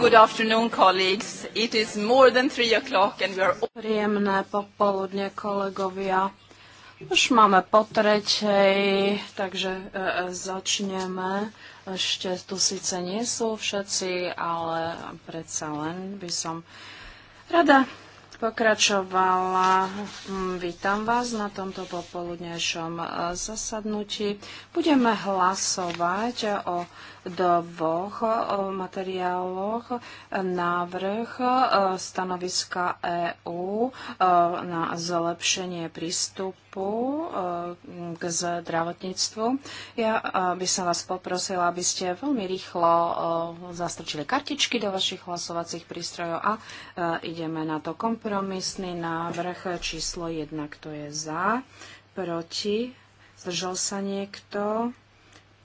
Good afternoon, colleagues. It is more than three o'clock and we are... Príjemné popoludne, kolegovia. Už máme po tretej, takže e, e, začneme. Ešte tu síce nie sú všetci, ale predsa len by som rada pokračovala. Mm, vítam vás na tomto popoludnejšom e, zasadnutí. Budeme hlasovať o dvoch e, materiáloch návrh e, stanoviska EÚ e, na zlepšenie prístupu k zdravotníctvu. Ja by som vás poprosila, aby ste veľmi rýchlo zastrčili kartičky do vašich hlasovacích prístrojov a ideme na to kompromisný návrh číslo 1, kto je za, proti, zdržal sa niekto,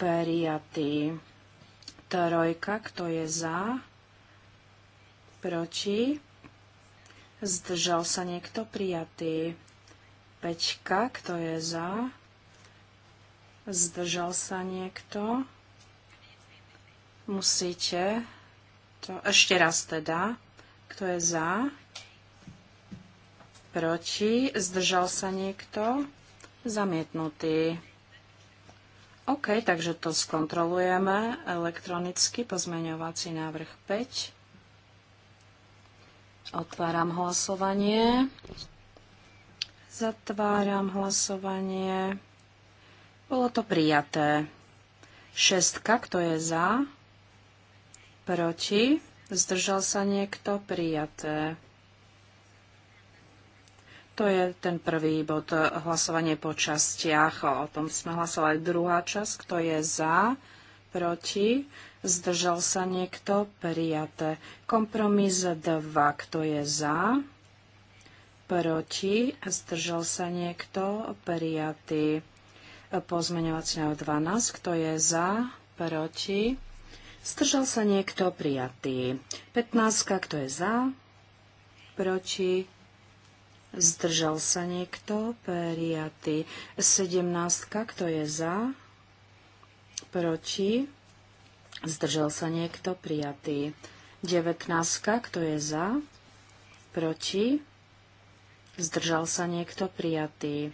prijatý. Trojka, kto je za? Proti? Zdržal sa niekto prijatý? Peťka, kto je za? Zdržal sa niekto? Musíte to... Ešte raz teda. Kto je za? Proti? Zdržal sa niekto? Zamietnutý. OK, takže to skontrolujeme elektronicky. Pozmeňovací návrh 5. Otváram hlasovanie. Zatváram hlasovanie. Bolo to prijaté. Šestka, kto je za? Proti? Zdržal sa niekto? Prijaté. To je ten prvý bod, eh, hlasovanie po častiach. O tom sme hlasovali. Druhá časť, kto je za, proti, zdržal sa niekto, prijaté. Kompromis 2, kto je za, proti, zdržal sa niekto, prijatý. Pozmeňovací návrh 12, kto je za, proti, zdržal sa niekto, prijatý. 15, kto je za, proti, Zdržal sa niekto? Prijatý. Sedemnáctka, Kto je za? Proti? Zdržal sa niekto? Prijatý. Devetnáctka, Kto je za? Proti? Zdržal sa niekto? Prijatý.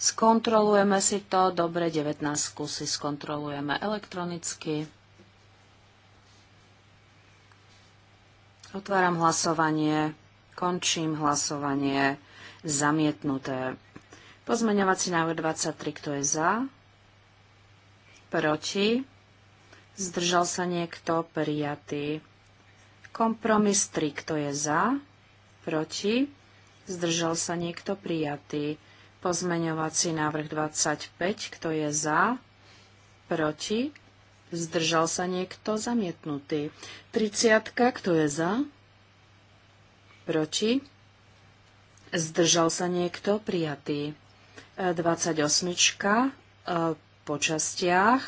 Skontrolujeme si to. Dobre, 19 si skontrolujeme elektronicky. Otváram hlasovanie. Končím hlasovanie zamietnuté. Pozmeňovací návrh 23, kto je za? Proti? Zdržal sa niekto? Prijatý. Kompromis 3, kto je za? Proti? Zdržal sa niekto? Prijatý. Pozmeňovací návrh 25, kto je za? Proti? Zdržal sa niekto? Zamietnutý. 30, kto je za? Proti? Zdržal sa niekto? Prijatý. 28. E, e, po častiach.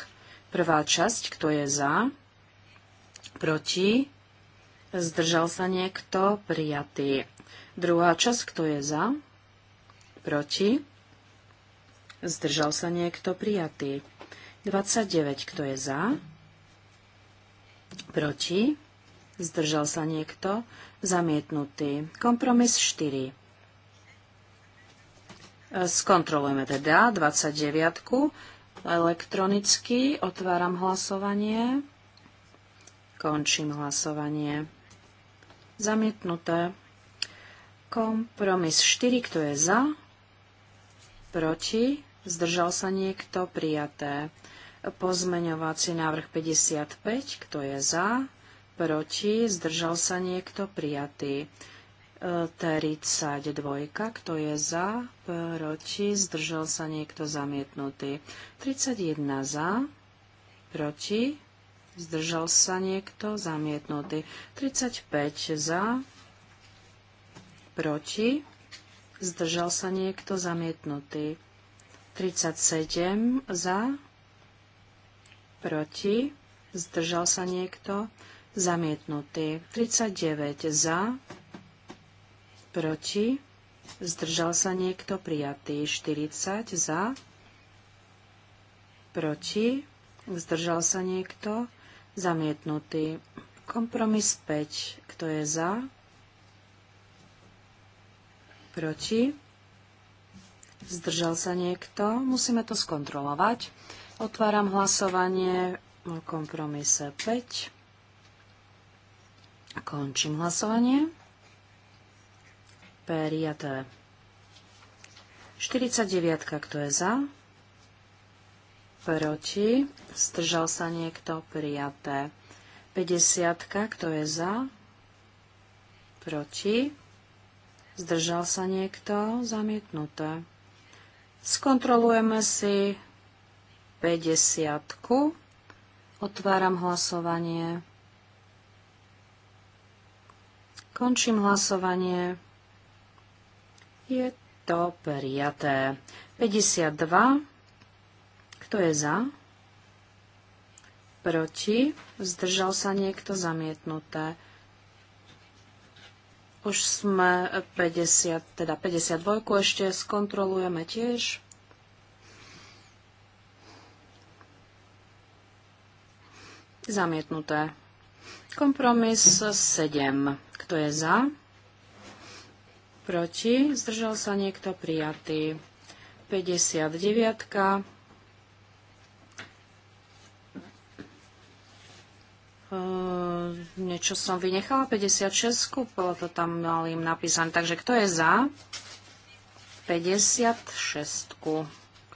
Prvá časť, kto je za? Proti? Zdržal sa niekto? Prijatý. Druhá časť, kto je za? Proti? Zdržal sa niekto? Prijatý. 29, kto je za? Proti? Zdržal sa niekto? Zamietnutý. Kompromis 4. Skontrolujeme teda 29 elektronicky. Otváram hlasovanie. Končím hlasovanie. Zamietnuté. Kompromis 4, kto je za? Proti? Zdržal sa niekto? Prijaté. Pozmeňovací návrh 55, kto je za? Proti? Zdržal sa niekto? Prijatý. 32. Kto je za? Proti? Zdržal sa niekto zamietnutý. 31 za. Proti? Zdržal sa niekto zamietnutý. 35 za. Proti? Zdržal sa niekto zamietnutý. 37 za. Proti? Zdržal sa niekto zamietnutý. 39 za proti, zdržal sa niekto prijatý, 40 za, proti, zdržal sa niekto, zamietnutý. Kompromis 5, kto je za, proti, zdržal sa niekto, musíme to skontrolovať. Otváram hlasovanie o kompromise 5. Končím hlasovanie prijaté. 49, kto je za? Proti. Zdržal sa niekto? Prijaté. 50, kto je za? Proti. Zdržal sa niekto? Zamietnuté. Skontrolujeme si 50. -ku. Otváram hlasovanie. Končím hlasovanie. Je to prijaté. 52. Kto je za? Proti? Zdržal sa niekto zamietnuté? Už sme 50, teda 52 ešte skontrolujeme tiež. Zamietnuté. Kompromis 7. Kto je za? proti, zdržal sa niekto prijatý. 59. Uh, ehm, niečo som vynechala, 56, bolo to tam malým napísané. Takže kto je za? 56.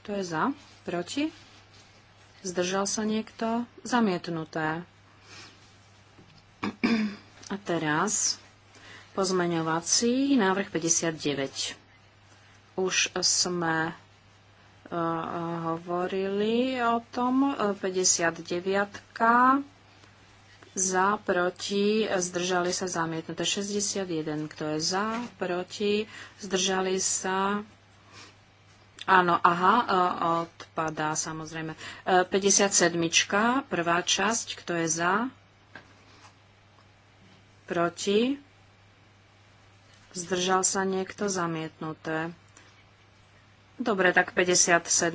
Kto je za? Proti? Zdržal sa niekto? Zamietnuté. A teraz Pozmeňovací návrh 59. Už sme e, hovorili o tom. 59. Za, proti, zdržali sa zamietnuté. 61. Kto je za, proti, zdržali sa. Áno, aha, e, odpadá samozrejme. 57. E, prvá časť, kto je za, proti, Zdržal sa niekto zamietnuté. Dobre, tak 57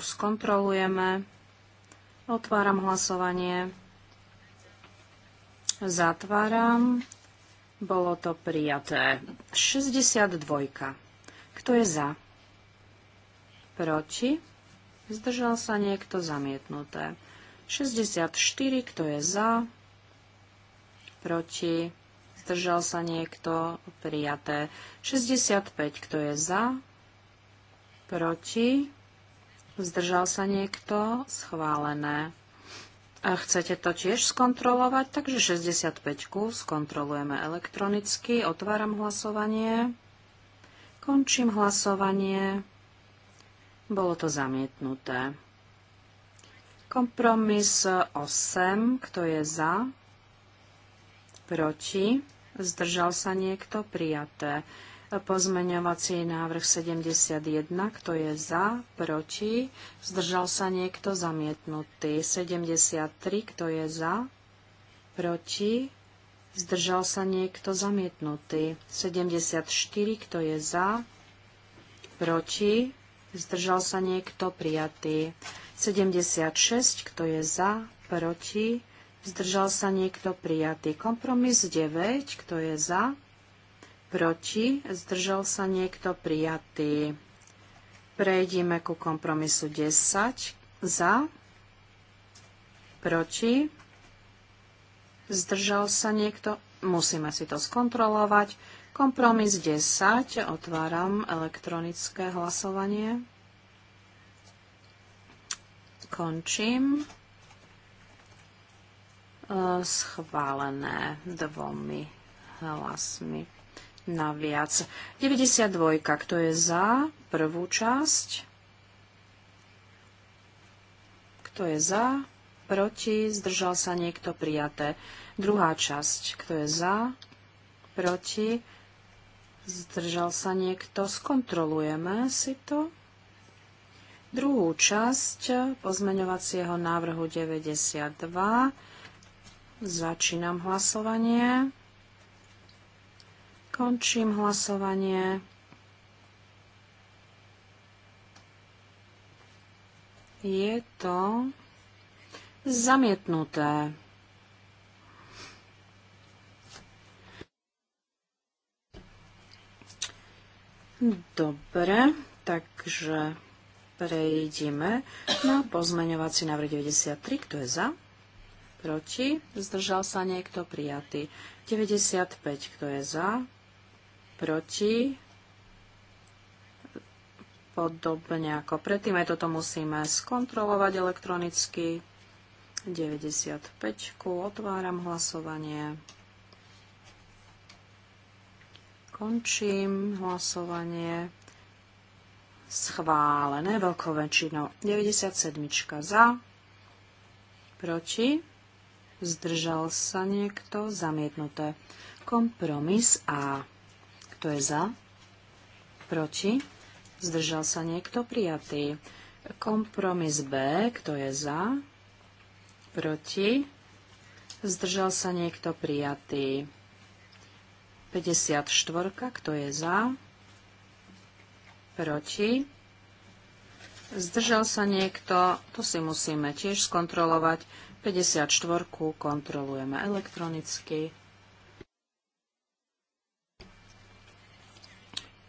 skontrolujeme. Otváram hlasovanie. Zatváram. Bolo to prijaté. 62. Kto je za? Proti? Zdržal sa niekto zamietnuté. 64. Kto je za? Proti? zdržal sa niekto, prijaté. 65, kto je za, proti, zdržal sa niekto, schválené. A chcete to tiež skontrolovať, takže 65 skontrolujeme elektronicky. Otváram hlasovanie. Končím hlasovanie. Bolo to zamietnuté. Kompromis 8. Kto je za? Proti? Zdržal sa niekto? Prijaté. Pozmeňovací návrh 71. Kto je za? Proti? Zdržal sa niekto? Zamietnutý. 73. Kto je za? Proti? Zdržal sa niekto? Zamietnutý. 74. Kto je za? Proti? Zdržal sa niekto? Prijatý. 76. Kto je za? Proti? zdržal sa niekto prijatý. Kompromis 9, kto je za, proti, zdržal sa niekto prijatý. Prejdime ku kompromisu 10, za, proti, zdržal sa niekto, musíme si to skontrolovať. Kompromis 10, otváram elektronické hlasovanie. Končím. Eh, schválené dvomi hlasmi naviac. 92. Kto je za prvú časť? Kto je za? Proti? Zdržal sa niekto prijaté. Druhá časť. Kto je za? Proti? Zdržal sa niekto? Skontrolujeme si to. Druhú časť pozmeňovacieho návrhu 92 Začínam hlasovanie. Končím hlasovanie. Je to zamietnuté. Dobre, takže prejdeme na pozmeňovací návrh 93. Kto je za? proti, zdržal sa niekto prijatý. 95, kto je za, proti, podobne ako predtým, aj toto musíme skontrolovať elektronicky. 95, otváram hlasovanie. Končím hlasovanie. Schválené veľkou väčšinou. 97 za, proti, Zdržal sa niekto? Zamietnuté. Kompromis A. Kto je za? Proti? Zdržal sa niekto? Prijatý. Kompromis B. Kto je za? Proti? Zdržal sa niekto? Prijatý. 54. Kto je za? Proti? Zdržal sa niekto? To si musíme tiež skontrolovať. 54 kontrolujeme elektronicky.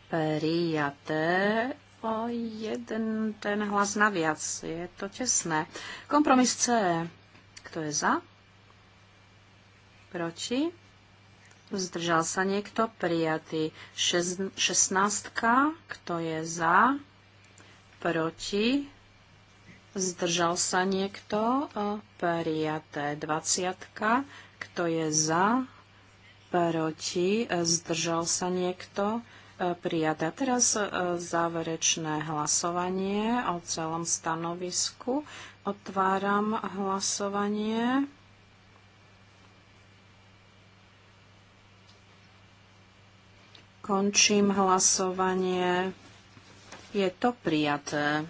Prijaté o jeden ten hlas naviac. Je to tesné. Kompromis C. Kto je za? Proti? Zdržal sa niekto? Prijatý. 16. Kto je za? Proti? Zdržal sa niekto? E, prijaté 20. Kto je za? Proti? E, zdržal sa niekto? E, prijaté. Teraz záverečné hlasovanie o celom stanovisku. Otváram hlasovanie. Končím hlasovanie. Je to prijaté.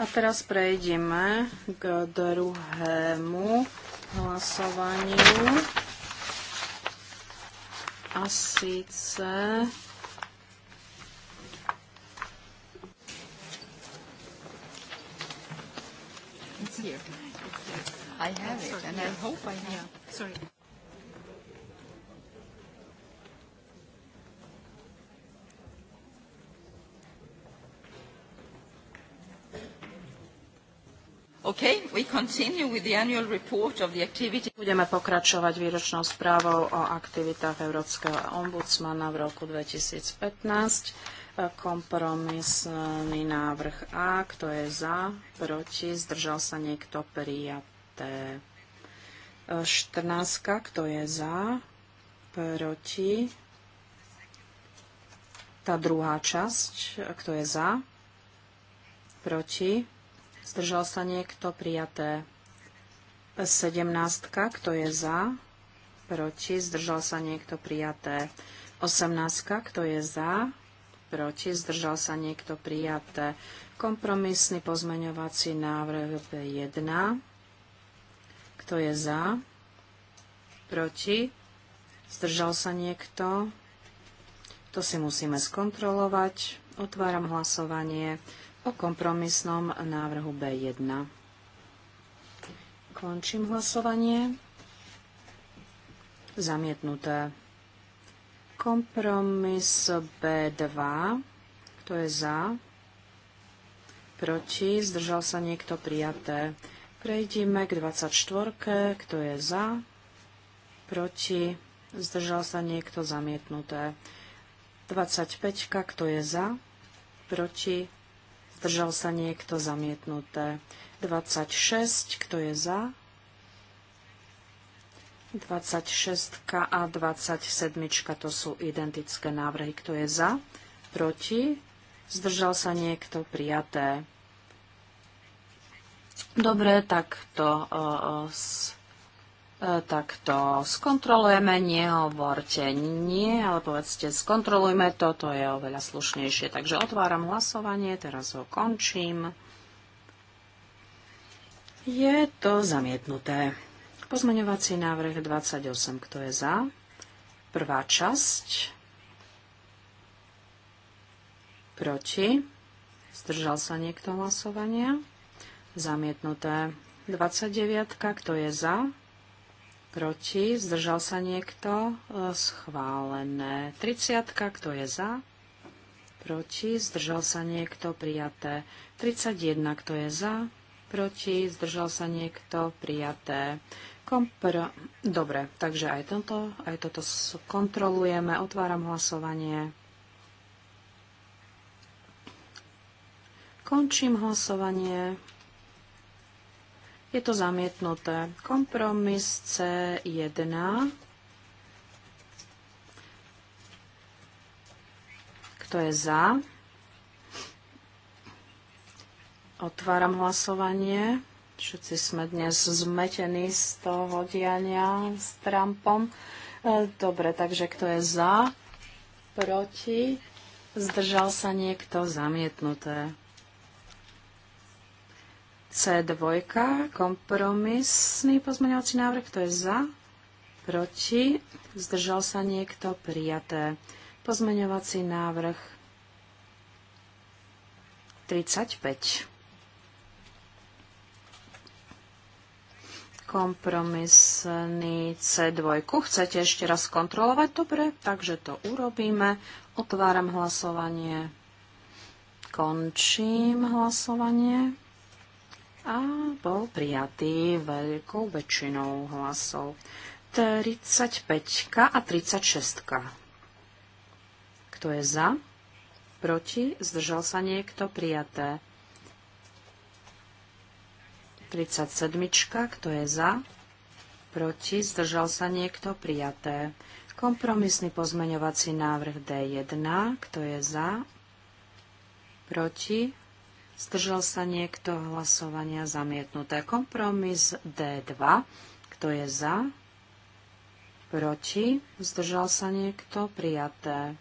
A teraz prejdeme k druhému hlasovaniu. A síce I have it, and I hope I have. Sorry. Okay, we continue with the annual report of the activity. Budeme pokračovať výročnou správou o aktivitách Európskeho ombudsmana v roku 2015. Kompromisný návrh A, kto je za, proti, zdržal sa niekto prijaté. 14, kto je za, proti, tá druhá časť, kto je za, proti, Zdržal sa niekto? Prijaté. 17. Kto je za? Proti. Zdržal sa niekto? Prijaté. 18. Kto je za? Proti. Zdržal sa niekto? Prijaté. Kompromisný pozmeňovací návrh B1. Kto je za? Proti? Zdržal sa niekto? To si musíme skontrolovať. Otváram hlasovanie o kompromisnom návrhu B1. Končím hlasovanie. Zamietnuté. Kompromis B2. Kto je za? Proti? Zdržal sa niekto prijaté. Prejdime k 24. Kto je za? Proti? Zdržal sa niekto zamietnuté. 25. Kto je za? Proti? Zdržal sa niekto zamietnuté. 26, kto je za? 26 a 27 to sú identické návrhy. Kto je za? Proti? Zdržal sa niekto? Prijaté. Dobre, tak to uh, E, tak to skontrolujeme, nehovorte nie, ale povedzte skontrolujme to, to je oveľa slušnejšie. Takže otváram hlasovanie, teraz ho končím. Je to zamietnuté. Pozmeňovací návrh 28, kto je za? Prvá časť. Proti. Zdržal sa niekto hlasovania? Zamietnuté. 29, kto je za? proti, zdržal sa niekto, e, schválené. 30, kto je za, proti, zdržal sa niekto, prijaté. 31, kto je za, proti, zdržal sa niekto, prijaté. Kompr- Dobre, takže aj toto, aj toto kontrolujeme, otváram hlasovanie. Končím hlasovanie. Je to zamietnuté. Kompromis C1. Kto je za? Otváram hlasovanie. Všetci sme dnes zmetení z toho diania s Trumpom. E, dobre, takže kto je za? Proti? Zdržal sa niekto? Zamietnuté. C2, kompromisný pozmeňovací návrh, kto je za, proti, zdržal sa niekto, prijaté. Pozmeňovací návrh 35. Kompromisný C2. Chcete ešte raz kontrolovať? Dobre, takže to urobíme. Otváram hlasovanie. Končím hlasovanie a bol prijatý veľkou väčšinou hlasov. 35 a 36. Kto je za? Proti? Zdržal sa niekto? Prijaté. 37. Kto je za? Proti? Zdržal sa niekto? Prijaté. Kompromisný pozmeňovací návrh D1. Kto je za? Proti? Zdržal sa niekto hlasovania zamietnuté. Kompromis D2. Kto je za? Proti? Zdržal sa niekto? Prijaté.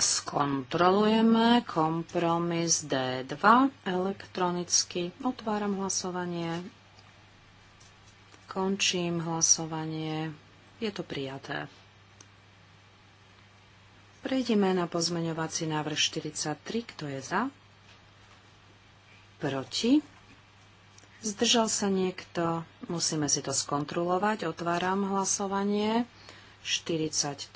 Skontrolujeme kompromis D2 elektronicky. Otváram hlasovanie. Končím hlasovanie. Je to prijaté. Prejdeme na pozmeňovací návrh 43. Kto je za? Proti? Zdržal sa niekto? Musíme si to skontrolovať. Otváram hlasovanie. 43.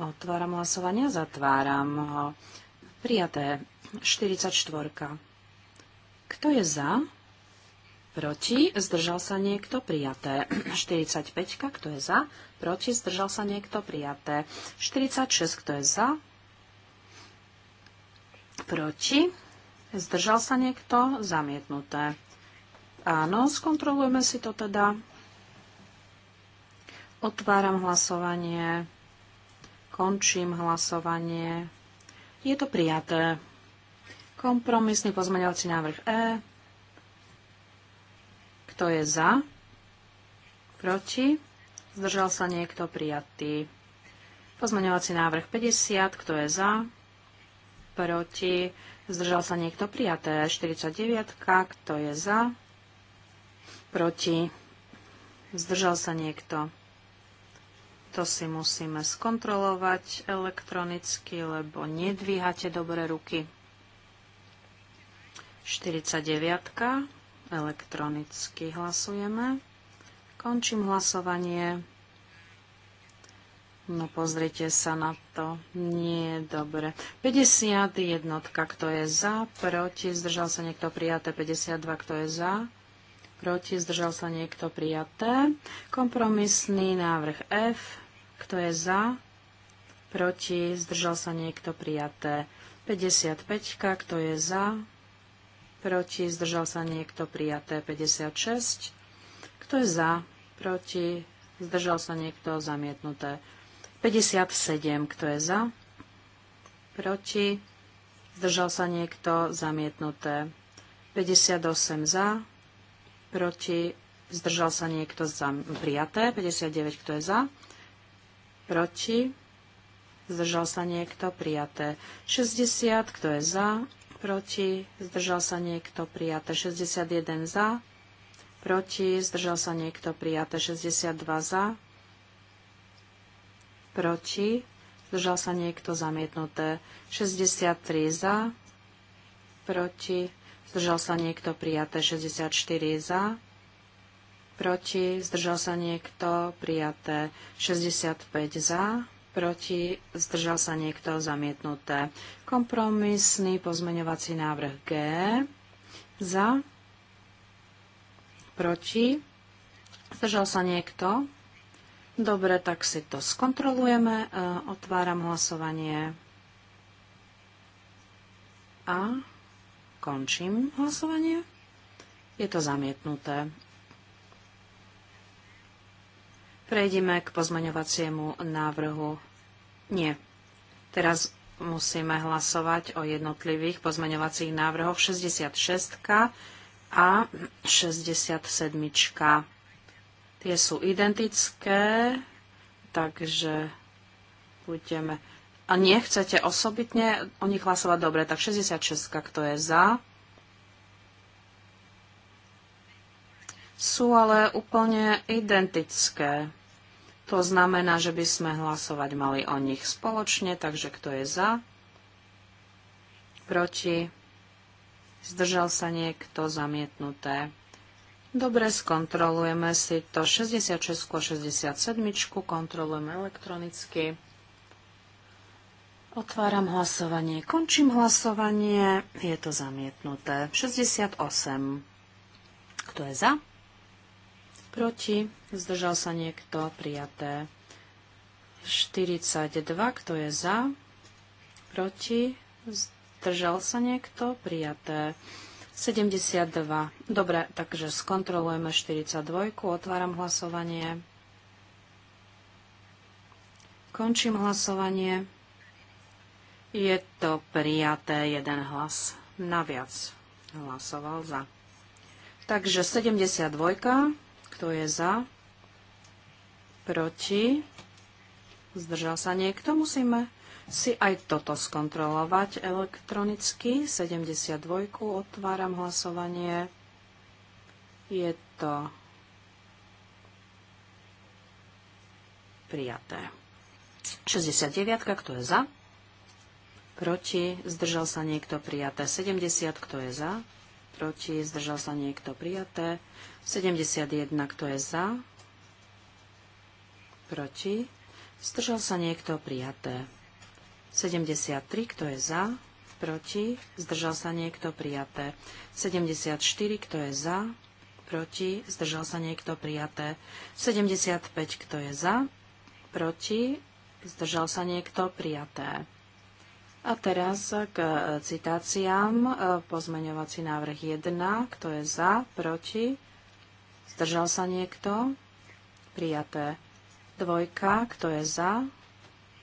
Otváram hlasovanie. Zatváram ho. Prijaté. 44. Kto je za? Proti? Zdržal sa niekto? Prijaté. 45. Kto je za? Proti? Zdržal sa niekto? Prijaté. 46. Kto je za? Proti? Zdržal sa niekto? Zamietnuté. Áno, skontrolujeme si to teda. Otváram hlasovanie. Končím hlasovanie. Je to prijaté. Kompromisný pozmeňovací návrh E. Kto je za? Proti? Zdržal sa niekto prijatý. Pozmeňovací návrh 50. Kto je za? Proti? Zdržal sa niekto prijaté. 49. Kto je za? Proti? Zdržal sa niekto. To si musíme skontrolovať elektronicky, lebo nedvíhate dobre ruky. 49. Elektronicky hlasujeme. Končím hlasovanie. No pozrite sa na to. Nie, dobre. 50 jednotka, kto je za, proti, zdržal sa niekto prijaté. 52, kto je za, proti, zdržal sa niekto prijaté. Kompromisný návrh F, kto je za, proti, zdržal sa niekto prijaté. 55, kto je za, proti, zdržal sa niekto, prijaté 56. Kto je za, proti, zdržal sa niekto, zamietnuté 57. Kto je za, proti, zdržal sa niekto, zamietnuté 58 za, proti, zdržal sa niekto, zam, prijaté 59. Kto je za, proti, zdržal sa niekto, prijaté 60. Kto je za, proti, zdržal sa niekto prijaté 61 za, proti, zdržal sa niekto prijaté 62 za, proti, zdržal sa niekto zamietnuté 63 za, proti, zdržal sa niekto prijaté 64 za, proti, zdržal sa niekto prijaté 65 za, proti, zdržal sa niekto, zamietnuté. Kompromisný pozmeňovací návrh G, za, proti, zdržal sa niekto. Dobre, tak si to skontrolujeme. E, otváram hlasovanie a končím hlasovanie. Je to zamietnuté. Prejdeme k pozmaňovaciemu návrhu. Nie. Teraz musíme hlasovať o jednotlivých pozmaňovacích návrhoch 66 a 67. Tie sú identické, takže budeme... A nechcete osobitne o nich hlasovať dobre, tak 66, kto je za, sú ale úplne identické. To znamená, že by sme hlasovať mali o nich spoločne, takže kto je za? Proti? Zdržal sa niekto zamietnuté? Dobre, skontrolujeme si to. 66 a 67 kontrolujeme elektronicky. Otváram hlasovanie, končím hlasovanie, je to zamietnuté. 68. Kto je za? proti, zdržal sa niekto, prijaté. 42, kto je za, proti, zdržal sa niekto, prijaté. 72. Dobre, takže skontrolujeme 42. Otváram hlasovanie. Končím hlasovanie. Je to prijaté jeden hlas. Naviac hlasoval za. Takže 72. Kto je za? Proti? Zdržal sa niekto? Musíme si aj toto skontrolovať elektronicky. 72. Otváram hlasovanie. Je to prijaté. 69. Kto je za? Proti? Zdržal sa niekto prijaté. 70. Kto je za? Proti? Zdržal sa niekto prijaté. 71, kto je za? Proti? Zdržal sa niekto prijaté. 73, kto je za? Proti? Zdržal sa niekto prijaté. 74, kto je za? Proti? Zdržal sa niekto prijaté. 75, kto je za? Proti? Zdržal sa niekto prijaté. A teraz k e, citáciám. E, pozmeňovací návrh 1. Kto je za? Proti? Zdržal sa niekto? Prijaté. Dvojka, kto je za?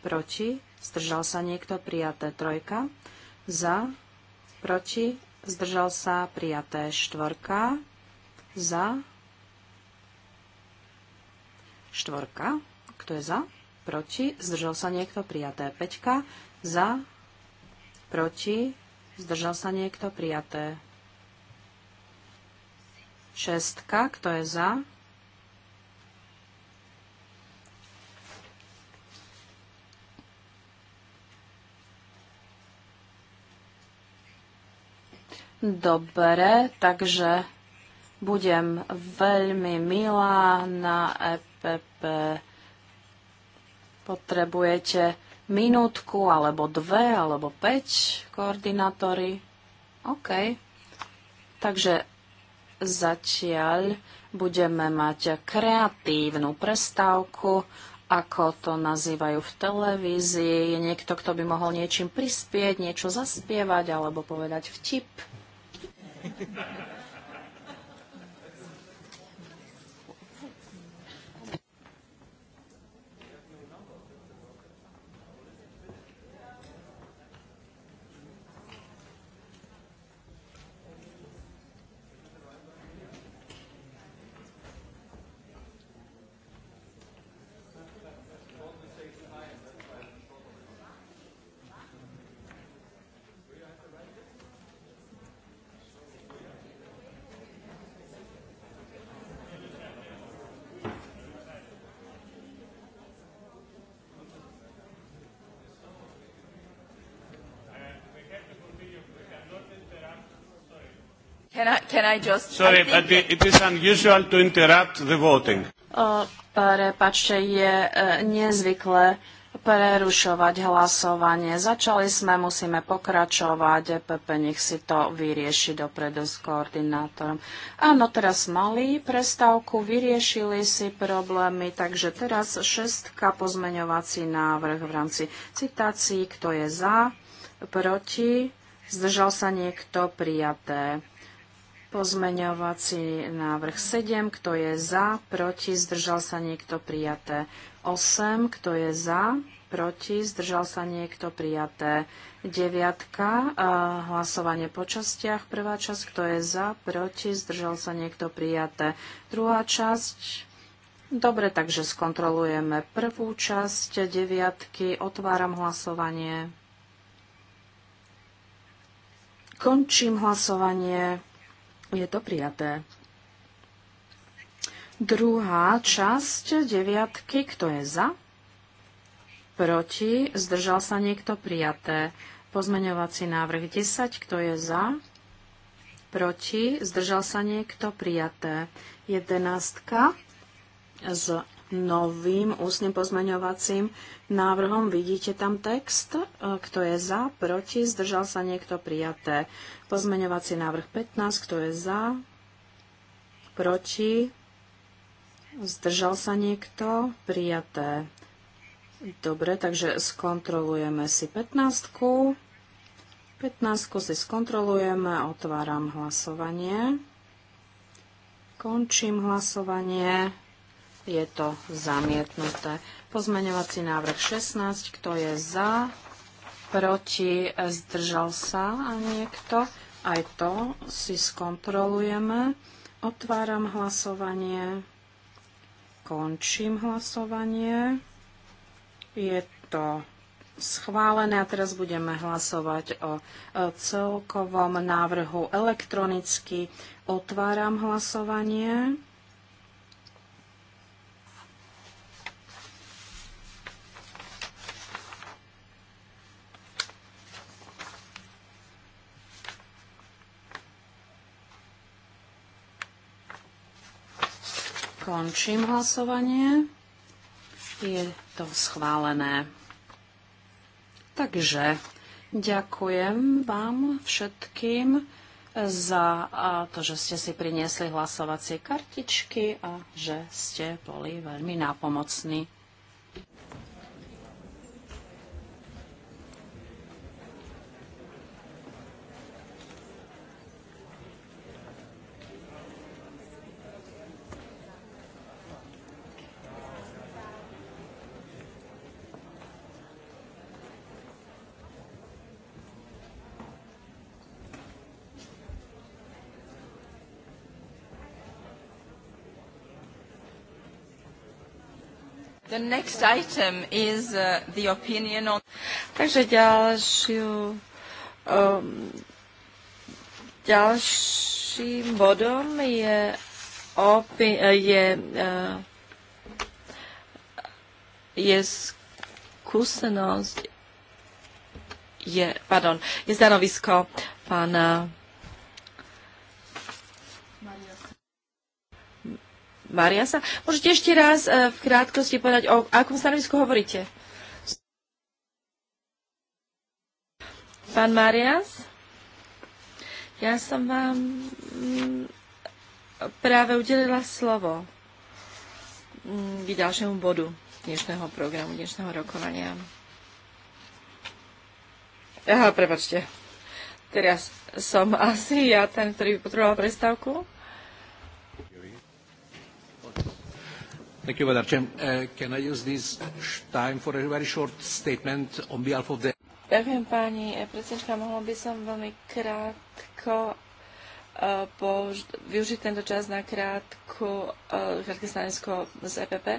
Proti? Zdržal sa niekto? Prijaté. Trojka. Za? Proti? Zdržal sa? Prijaté. Štvorka. Za? Štvorka. Kto je za? Proti? Zdržal sa niekto? Prijaté. Peťka. Za? Proti? Zdržal sa niekto? Prijaté. Šestka, kto je za? Dobre, takže budem veľmi milá na EPP. Potrebujete minútku, alebo dve, alebo päť koordinátory. OK. Takže Zatiaľ budeme mať kreatívnu prestávku, ako to nazývajú v televízii. Je niekto, kto by mohol niečím prispieť, niečo zaspievať alebo povedať vtip. Can I, can I just... Sorry, I think... it is unusual to interrupt the voting. prepačte, je e, nezvyklé prerušovať hlasovanie. Začali sme, musíme pokračovať. Pepe, nech si to vyrieši dopredu s koordinátorom. Áno, teraz mali prestávku, vyriešili si problémy, takže teraz šestka pozmeňovací návrh v rámci citácií, kto je za, proti, zdržal sa niekto prijaté. Pozmeňovací návrh 7. Kto je za? Proti? Zdržal sa niekto? Prijaté. 8. Kto je za? Proti? Zdržal sa niekto? Prijaté. 9. Hlasovanie po častiach. Prvá časť. Kto je za? Proti? Zdržal sa niekto? Prijaté. Druhá časť. Dobre, takže skontrolujeme prvú časť deviatky. Otváram hlasovanie. Končím hlasovanie. Je to prijaté. Druhá časť deviatky, kto je za? Proti? Zdržal sa niekto prijaté. Pozmeňovací návrh 10, kto je za? Proti? Zdržal sa niekto prijaté. Jedenástka z novým ústnym pozmeňovacím návrhom. Vidíte tam text, e, kto je za, proti, zdržal sa niekto prijaté. Pozmeňovací návrh 15, kto je za, proti, zdržal sa niekto, prijaté. Dobre, takže skontrolujeme si 15. 15 si skontrolujeme, otváram hlasovanie. Končím hlasovanie je to zamietnuté. Pozmeňovací návrh 16, kto je za, proti, zdržal sa a niekto. Aj to si skontrolujeme. Otváram hlasovanie. Končím hlasovanie. Je to schválené a teraz budeme hlasovať o e, celkovom návrhu elektronicky. Otváram hlasovanie. Končím hlasovanie. Je to schválené. Takže ďakujem vám všetkým za to, že ste si priniesli hlasovacie kartičky a že ste boli veľmi nápomocní. The next item is uh, the opinion on... Takže ďalšiu, um, ďalším bodom je, opi- eh, je, uh, je skúsenosť, je, pardon, je stanovisko pána Mariasa. Môžete ešte raz e, v krátkosti povedať, o akom stanovisku hovoríte? Pán Marias? Ja som vám mm, práve udelila slovo mm, k ďalšiemu bodu dnešného programu, dnešného rokovania. Aha, prepačte. Teraz som asi ja ten, ktorý by potreboval prestávku. Thank you, Madam Chair. Uh, can I use this time for a very short statement on behalf of the... Ďakujem pani eh, predsednička, mohla by som veľmi krátko eh, využiť tento čas na krátku, eh, krátke stanovisko z EPP.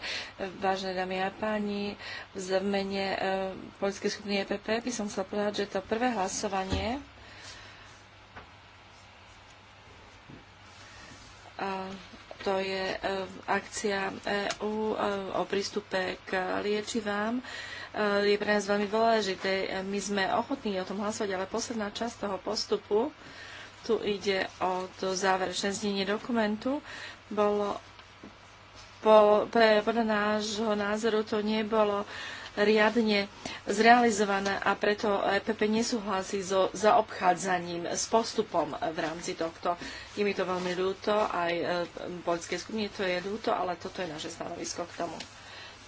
Vážené dámy a páni, v zmene politickej skupiny EPP by som chcela povedať, že to prvé hlasovanie to je e, akcia EU e, o prístupe k liečivám. E, je pre nás veľmi dôležité. My sme ochotní o tom hlasovať, ale posledná časť toho postupu, tu ide o to záverečné znenie dokumentu, bolo po, pre, podľa nášho názoru to nebolo uh, riadne zrealizované a preto EPP nesúhlasí so zaobchádzaním, s postupom v rámci tohto. Je mi to veľmi ľúto, aj e, poľskej skupine to je ľúto, ale toto je naše stanovisko k tomu.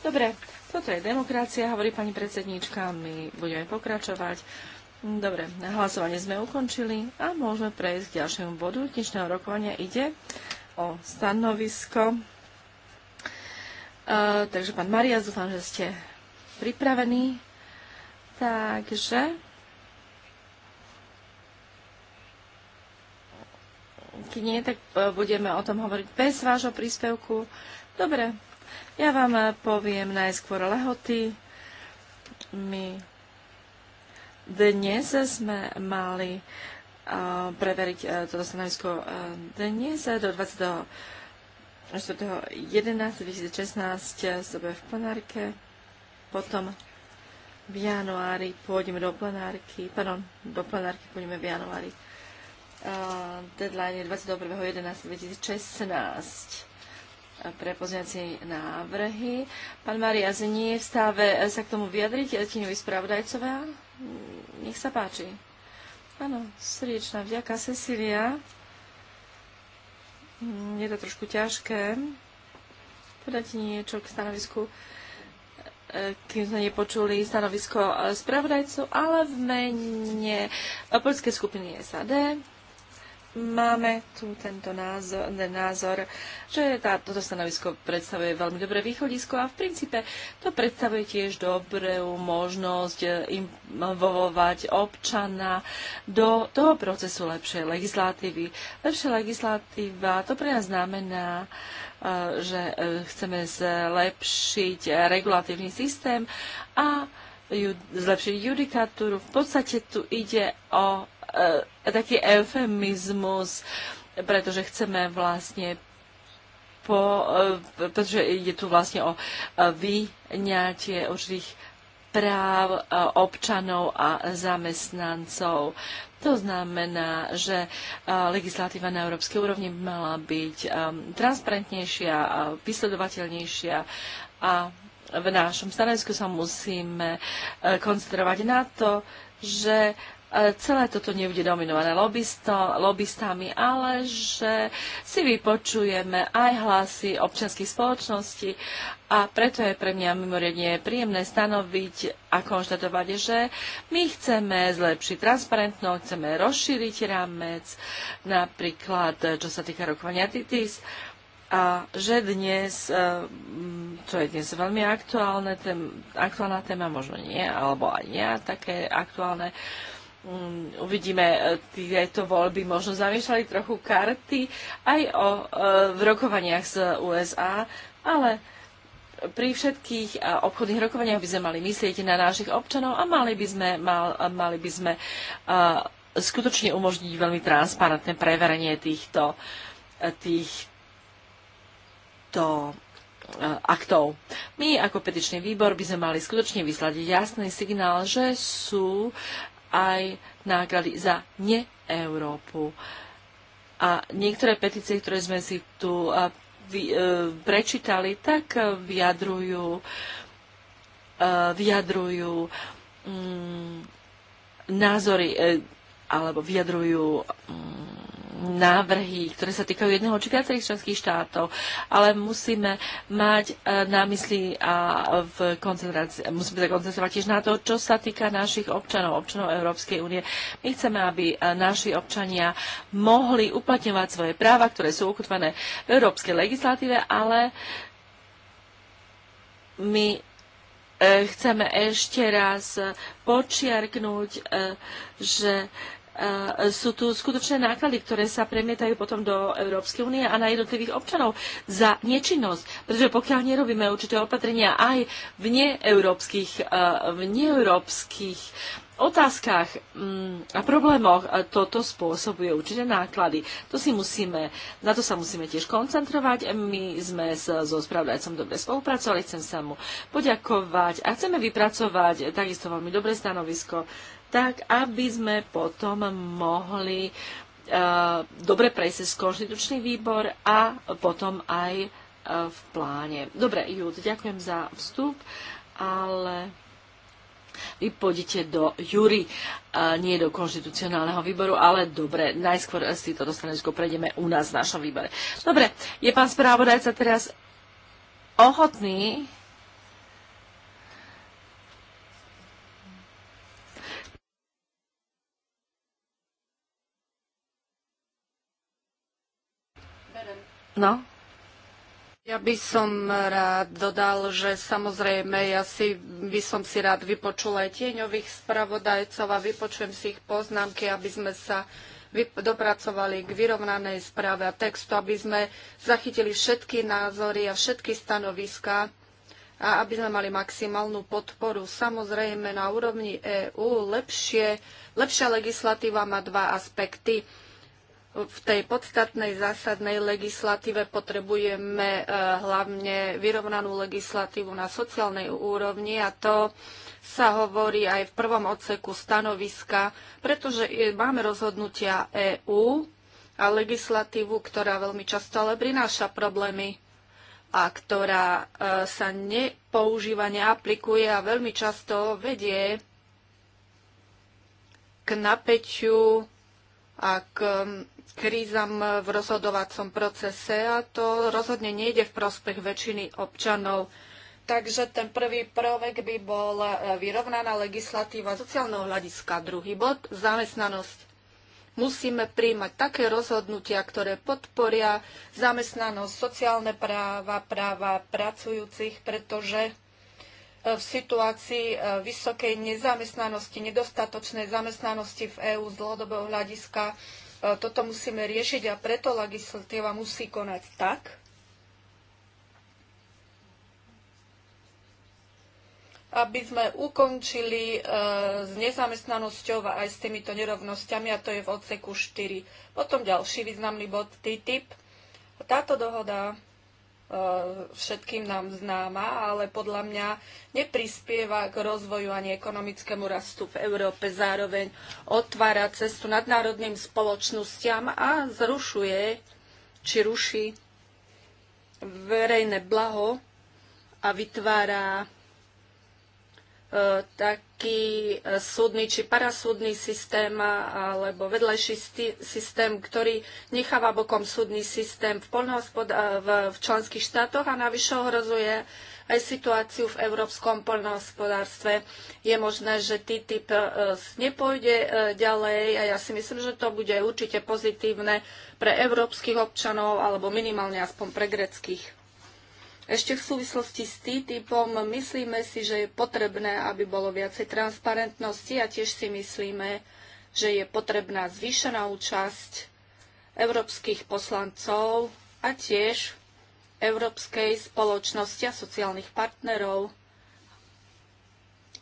Dobre, toto je demokracia, hovorí pani predsedníčka, my budeme pokračovať. Dobre, hlasovanie sme ukončili a môžeme prejsť k ďalšiemu bodu. Dnešného rokovania ide o stanovisko. E, takže pán Maria, dúfam, že ste pripravení. Takže keď nie, tak e, budeme o tom hovoriť bez vášho príspevku. Dobre, ja vám e, poviem najskôr lehoty. My dnes sme mali e, preveriť toto stanovisko dnes do 20. 4.11.2016 sobe v Ponárke potom v januári pôjdeme do plenárky, pardon, do plenárky pôjdeme v januári. Uh, deadline je 21.11.2016 pre pozňacie návrhy. Pán Maria nie je v stave e, sa k tomu vyjadriť, e, tieňoví spravodajcovia. Nech sa páči. Áno, srdečná vďaka, Cecilia. Hm, je to trošku ťažké podať niečo k stanovisku kým sme nepočuli stanovisko e, spravodajcu, ale v mene e, poľskej skupiny SAD máme tu tento názor, ten názor že tá, toto stanovisko predstavuje veľmi dobré východisko a v princípe to predstavuje tiež dobrú možnosť e, involvovať občana do toho procesu lepšej legislatívy. Lepšia legislatíva, to pre nás znamená že e, chceme zlepšiť regulatívny systém a zlepšiť judikatúru. V podstate tu ide o e, taký eufemizmus, pretože chceme vlastne po, e, pretože ide tu vlastne o vyňatie určitých práv občanov a zamestnancov. To znamená, že legislatíva na európskej úrovni by mala byť transparentnejšia, vysledovateľnejšia a v našom stanovisku sa musíme koncentrovať na to, že E, celé toto nebude dominované lobbysto, lobbystami, ale že si vypočujeme aj hlasy občianských spoločností a preto je pre mňa mimoriadne príjemné stanoviť a konštatovať, že my chceme zlepšiť transparentnosť, chceme rozšíriť rámec, napríklad e, čo sa týka rokovania TITIS, a že dnes, čo e, je dnes veľmi aktuálne, tém, aktuálna téma, možno nie, alebo aj nie také aktuálne, um, uvidíme, e, tieto voľby možno zamýšľali trochu karty aj o, uh, v rokovaniach z USA, ale pri všetkých uh, obchodných rokovaniach by sme mali myslieť na našich občanov a mali by sme, mal, mali by sme uh, skutočne umožniť veľmi transparentné preverenie týchto, týchto aktov. My ako petičný výbor by sme mali skutočne vysladiť jasný signál, že sú aj náklady za ne-Európu. A niektoré petície, ktoré sme si tu e, prečítali, tak e, vyjadrujú, e, vyjadrujú mm, názory alebo vyjadrujú mm, návrhy, ktoré sa týkajú jedného či viacerých členských štátov, ale musíme mať e, na mysli a v koncentrácii, musíme sa koncentrovať tiež na to, čo sa týka našich občanov, občanov Európskej únie. My chceme, aby e, naši občania mohli uplatňovať svoje práva, ktoré sú ukotvené v európskej legislatíve, ale my e, chceme ešte raz počiarknúť, že E, sú tu skutočné náklady, ktoré sa premietajú potom do Európskej únie a na jednotlivých občanov za nečinnosť. Pretože pokiaľ nerobíme určité opatrenia aj v neeurópskych, e, v neeurópskych otázkach mm, a problémoch e, toto spôsobuje určité náklady. To si musíme, na to sa musíme tiež koncentrovať. My sme so spravodajcom dobre spolupracovali, chcem sa mu poďakovať a chceme vypracovať takisto veľmi dobré stanovisko tak aby sme potom mohli eh, dobre prejsť cez konštitučný výbor a potom aj eh, v pláne. Dobre, Júd, ďakujem za vstup, ale vy pôjdete do uh, nie do konštitucionálneho výboru, ale dobre, najskôr si toto stanovisko prejdeme u nás v našom výbore. Dobre, je pán správodajca teraz ochotný No, ja by som rád dodal, že samozrejme ja si, by som si rád vypočula aj tieňových spravodajcov a vypočujem si ich poznámky, aby sme sa dopracovali k vyrovnanej správe a textu, aby sme zachytili všetky názory a všetky stanoviská a aby sme mali maximálnu podporu. Samozrejme na úrovni EÚ lepšie, lepšia legislatíva má dva aspekty v tej podstatnej zásadnej legislatíve potrebujeme eh, hlavne vyrovnanú legislatívu na sociálnej úrovni a to sa hovorí aj v prvom odseku stanoviska, pretože eh, máme rozhodnutia EÚ a legislatívu, ktorá veľmi často ale prináša problémy a ktorá eh, sa nepoužíva, neaplikuje a veľmi často vedie k napäťu a k krízam v rozhodovacom procese a to rozhodne nejde v prospech väčšiny občanov. Takže ten prvý prvek by bol e, vyrovnaná legislatíva sociálneho hľadiska. Druhý bod, zamestnanosť. Musíme príjmať také rozhodnutia, ktoré podporia zamestnanosť, sociálne práva, práva pracujúcich, pretože e, v situácii e, vysokej nezamestnanosti, nedostatočnej zamestnanosti v EÚ z dlhodobého hľadiska E, toto musíme riešiť a preto legislatíva musí konať tak, aby sme ukončili e, s nezamestnanosťou a aj s týmito nerovnosťami, a to je v odseku 4. Potom ďalší významný bod TTIP. Táto dohoda E, všetkým nám známa, ale podľa mňa neprispieva k rozvoju ani ekonomickému rastu v Európe. Zároveň otvára cestu nadnárodným spoločnostiam a zrušuje či ruší verejné blaho a vytvára e, tak nejaký e, súdny či parasúdny systém alebo vedlejší systém, ktorý necháva bokom súdny systém v, e, v, v členských štátoch a navyše ohrozuje aj situáciu v európskom poľnohospodárstve. Je možné, že TTIP e, nepôjde ďalej a ja si myslím, že to bude určite pozitívne pre európskych občanov alebo minimálne aspoň pre greckých. Ešte v súvislosti s TTIPom myslíme si, že je potrebné, aby bolo viacej transparentnosti a tiež si myslíme, že je potrebná zvýšená účasť európskych poslancov a tiež európskej spoločnosti a sociálnych partnerov,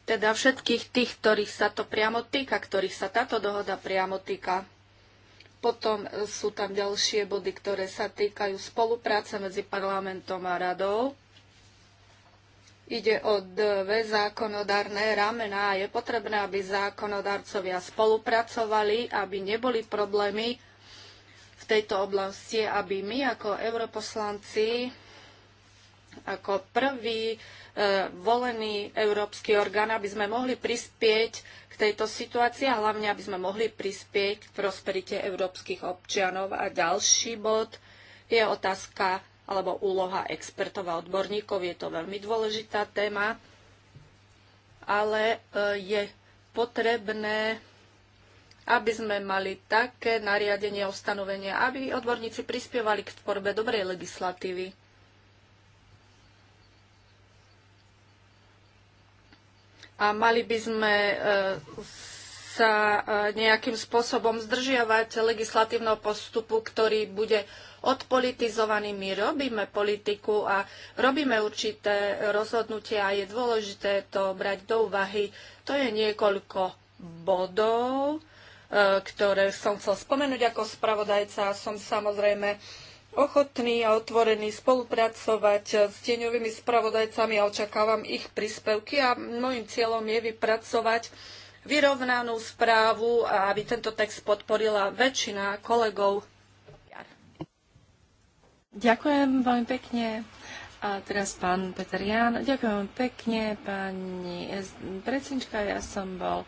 teda všetkých tých, ktorých sa to priamo týka, ktorých sa táto dohoda priamo týka. Potom e, sú tam ďalšie body, ktoré sa týkajú spolupráce medzi parlamentom a radou. Ide o dve zákonodárne ramená. Je potrebné, aby zákonodárcovia spolupracovali, aby neboli problémy v tejto oblasti, aby my ako europoslanci, ako prvý e, volený európsky orgán, aby sme mohli prispieť tejto situácii a hlavne, aby sme mohli prispieť k prosperite európskych občianov. A ďalší bod je otázka alebo úloha expertov a odborníkov. Je to veľmi dôležitá téma, ale e, je potrebné, aby sme mali také nariadenie a ustanovenia, aby odborníci prispievali k tvorbe dobrej legislatívy. a mali by sme e, sa e, nejakým spôsobom zdržiavať legislatívneho postupu, ktorý bude odpolitizovaný. My robíme politiku a robíme určité rozhodnutia a je dôležité to brať do úvahy. To je niekoľko bodov, e, ktoré som chcel spomenúť ako spravodajca. Som samozrejme ochotní a otvorení spolupracovať s tieňovými spravodajcami a očakávam ich príspevky a môjim cieľom je vypracovať vyrovnanú správu a aby tento text podporila väčšina kolegov. Ďakujem veľmi pekne. A teraz pán Peter Jan. Ďakujem pekne, pani predsednička. Ja som bol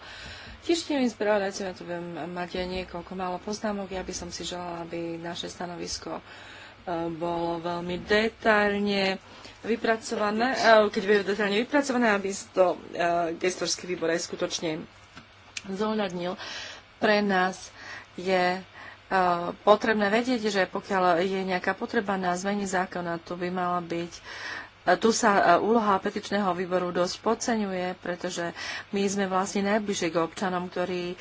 tiež tým spravodajcom, ja tu budem mať aj niekoľko málo poznámok. Ja by som si želala, aby naše stanovisko bolo veľmi detailne vypracované, e, keď bude detailne vypracované, aby to e, gestorský výbor aj skutočne zohľadnil. Pre nás je e, potrebné vedieť, že pokiaľ je nejaká potreba na zmene zákona, to by mala byť tu sa úloha petičného výboru dosť podceňuje, pretože my sme vlastne najbližšie k občanom, ktorí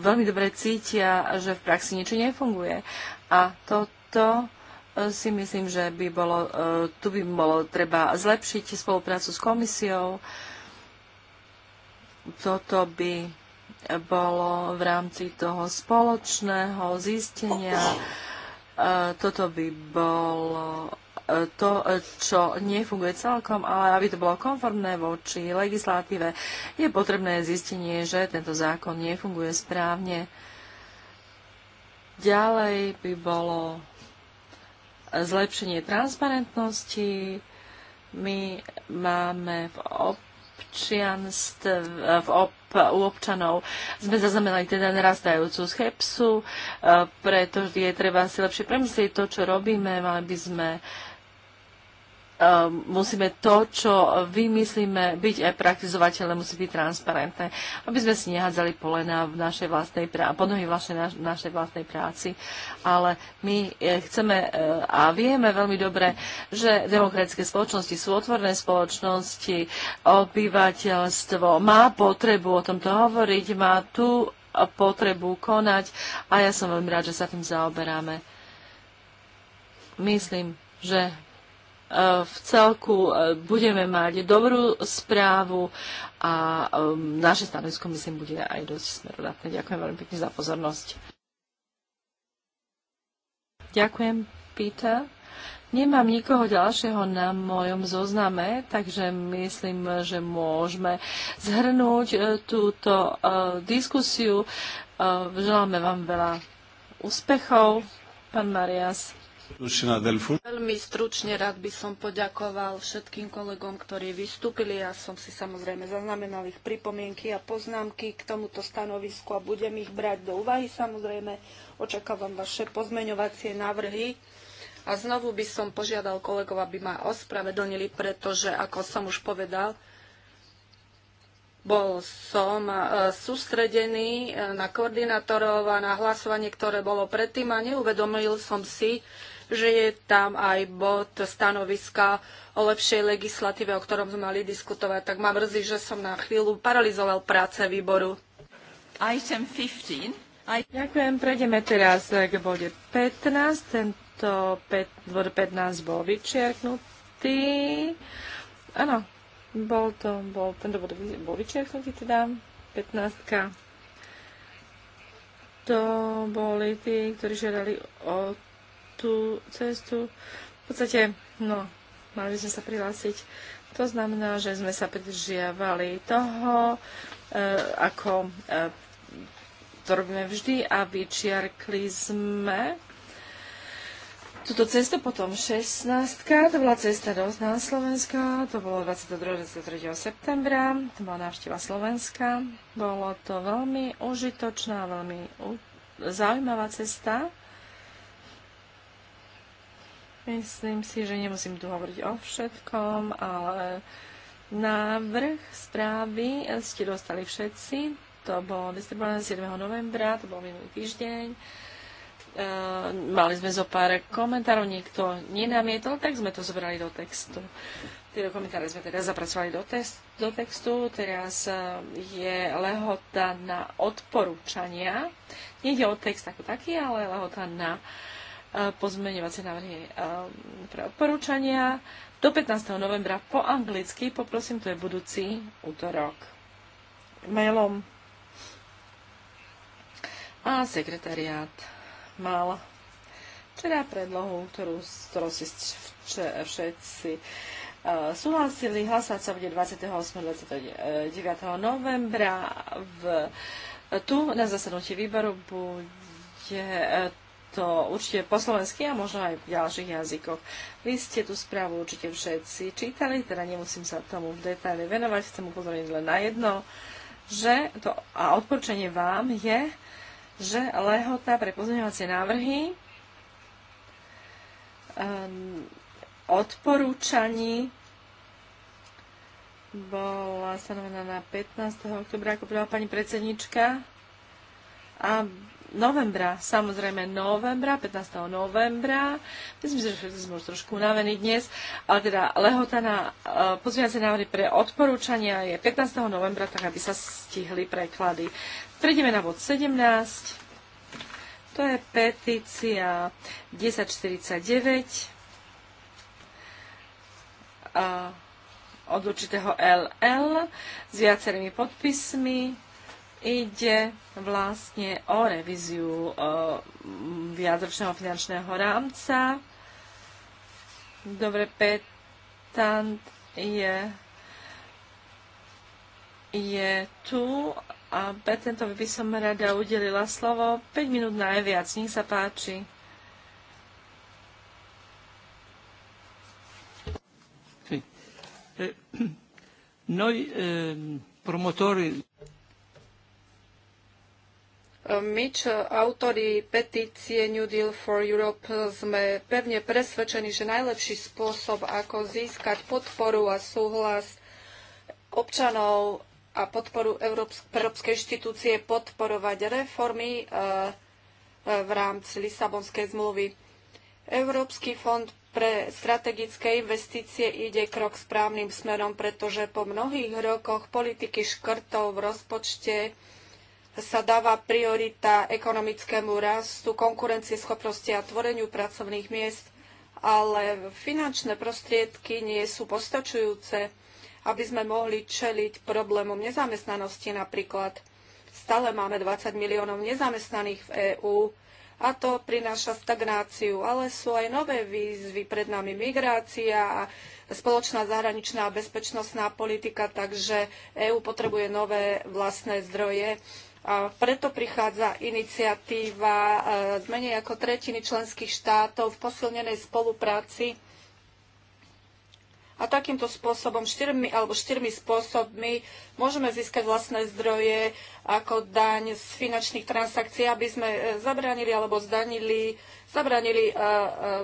veľmi dobre cítia, že v praxi niečo nefunguje. A to preto e, si myslím, že by bolo, e, tu by bolo treba zlepšiť spoluprácu s komisiou. Toto by bolo v rámci toho spoločného zistenia. E, toto by bolo to, čo nefunguje celkom, ale aby to bolo konformné voči legislatíve, je potrebné zistenie, že tento zákon nefunguje správne. Ďalej by bolo zlepšenie transparentnosti. My máme v občianstv v u občanov sme zaznamenali teda narastajúcu schepsu, e, pretože je treba si lepšie premyslieť to, čo robíme. Mali by sme uh, Ehm, musíme to, čo vymyslíme, byť aj praktizovateľné, musí byť transparentné, aby sme si nehádzali polena v našej vlastnej práci, podnohy vlastne v našej, našej vlastnej práci. Ale my e, chceme e, a vieme veľmi dobre, že demokratické spoločnosti sú otvorné spoločnosti, obyvateľstvo má potrebu o tomto hovoriť, má tú potrebu konať a ja som veľmi rád, že sa tým zaoberáme. Myslím, že E, v celku e, budeme mať dobrú správu a e, naše stanovisko, myslím, bude aj dosť smerodatné. Ďakujem veľmi pekne za pozornosť. Ďakujem, Peter. Nemám nikoho ďalšieho na mojom zozname, takže myslím, že môžeme zhrnúť túto diskusiu. Želáme vám veľa úspechov, pán Marias. Veľmi stručne rád by som poďakoval všetkým kolegom, ktorí vystúpili. Ja som si samozrejme zaznamenal ich pripomienky a poznámky k tomuto stanovisku a budem ich brať do úvahy. Samozrejme, očakávam vaše pozmeňovacie návrhy. A znovu by som požiadal kolegov, aby ma ospravedlnili, pretože, ako som už povedal, bol som e, sústredený e, na koordinátorov a na hlasovanie, ktoré bolo predtým a neuvedomil som si, že je tam aj bod stanoviska o lepšej legislatíve, o ktorom sme mali diskutovať, tak ma mrzí, že som na chvíľu paralizoval práce výboru. Item 15. I... Ďakujem, prejdeme teraz k bode 15. Tento bod 15 bol vyčiarknutý. Áno, bol to, bol, tento bod bol vyčiarknutý teda, 15. To boli tí, ktorí žiadali o tú cestu. V podstate, no, mali sme sa prihlásiť. To znamená, že sme sa pridržiavali toho, e, ako e, to robíme vždy a vyčiarkli sme túto cestu potom 16. To bola cesta do na Slovenska, to bolo 22. 23. septembra, to bola návšteva Slovenska. Bolo to veľmi užitočná, veľmi zaujímavá cesta Myslím si, že nemusím tu hovoriť o všetkom, ale návrh správy ste dostali všetci. To bolo distribuované 7. novembra, to bol minulý týždeň. Eh, mali sme zo pár komentárov, niekto nenamietol, tak sme to zobrali do textu. Tieto komentáre sme teda zapracovali do, text, do textu. Teraz eh, je lehota na odporúčania. Nejde o text ako taký, ale lehota na uh, E, pozmeňovacie návrhy e, pre odporúčania do 15. novembra po anglicky. Poprosím, to je budúci útorok. Mailom. A sekretariát mal včera teda predlohu, ktorú, ktorú si všetci uh, súhlasili. Hlasať sa bude 28. 29. novembra. V, tu na zasadnutí výboru bude uh, to určite po slovensky a možno aj v ďalších jazykoch. Vy ste tú správu určite všetci čítali, teda nemusím sa tomu v detaile venovať, chcem upozorniť len na jedno, že to, a odporúčanie vám je, že lehota pre pozmeňovacie návrhy um, odporúčaní bola stanovená na 15. oktobra, ako povedala pani predsednička, a novembra, samozrejme novembra, 15. novembra. Myslím, že všetci sme už trošku unavení dnes, ale teda lehota na eh, pozviace návrhy pre odporúčania je 15. novembra, tak aby sa stihli preklady. Prejdeme na bod 17. To je petícia 1049 eh, od určitého LL s viacerými podpismi ide vlastne o revíziu mm, viacročného finančného rámca. Dobre, petant je, je tu a petentovi by som rada udelila slovo. 5 minút najviac, nech sa páči. Eh, noi eh, promotori čo autori petície New Deal for Europe, sme pevne presvedčení, že najlepší spôsob, ako získať podporu a súhlas občanov a podporu Európskej inštitúcie podporovať reformy e, e, v rámci Lisabonskej zmluvy. Európsky fond pre strategické investície ide krok správnym smerom, pretože po mnohých rokoch politiky škrtov v rozpočte sa dáva priorita ekonomickému rastu, konkurencieschopnosti a tvoreniu pracovných miest, ale finančné prostriedky nie sú postačujúce, aby sme mohli čeliť problémom nezamestnanosti napríklad. Stále máme 20 miliónov nezamestnaných v EÚ a to prináša stagnáciu, ale sú aj nové výzvy pred nami migrácia a spoločná zahraničná a bezpečnostná politika, takže EÚ potrebuje nové vlastné zdroje a preto prichádza iniciatíva e, z menej ako tretiny členských štátov v posilnenej spolupráci a takýmto spôsobom, štyrmi, alebo štyrmi spôsobmi môžeme získať vlastné zdroje ako daň z finančných transakcií, aby sme e, zabránili alebo zdanili, zabránili e,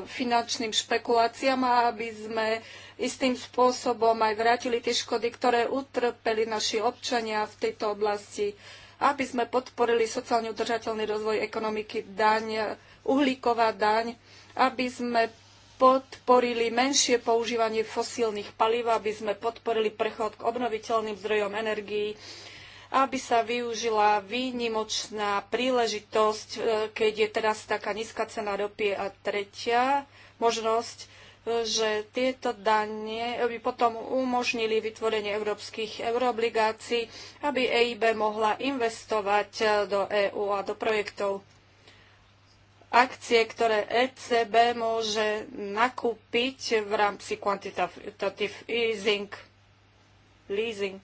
finančným špekuláciám a aby sme istým spôsobom aj vrátili tie škody, ktoré utrpeli naši občania v tejto oblasti aby sme podporili sociálne udržateľný rozvoj ekonomiky, daň, uhlíková daň, aby sme podporili menšie používanie fosílnych palív, aby sme podporili prechod k obnoviteľným zdrojom energií, aby sa využila výnimočná príležitosť, e, keď je teraz taká nízka cena ropy a tretia možnosť, že tieto danie by potom umožnili vytvorenie európskych euroobligácií, aby EIB mohla investovať eh, do EÚ a do projektov. Akcie, ktoré ECB môže nakúpiť v rámci quantitative easing, leasing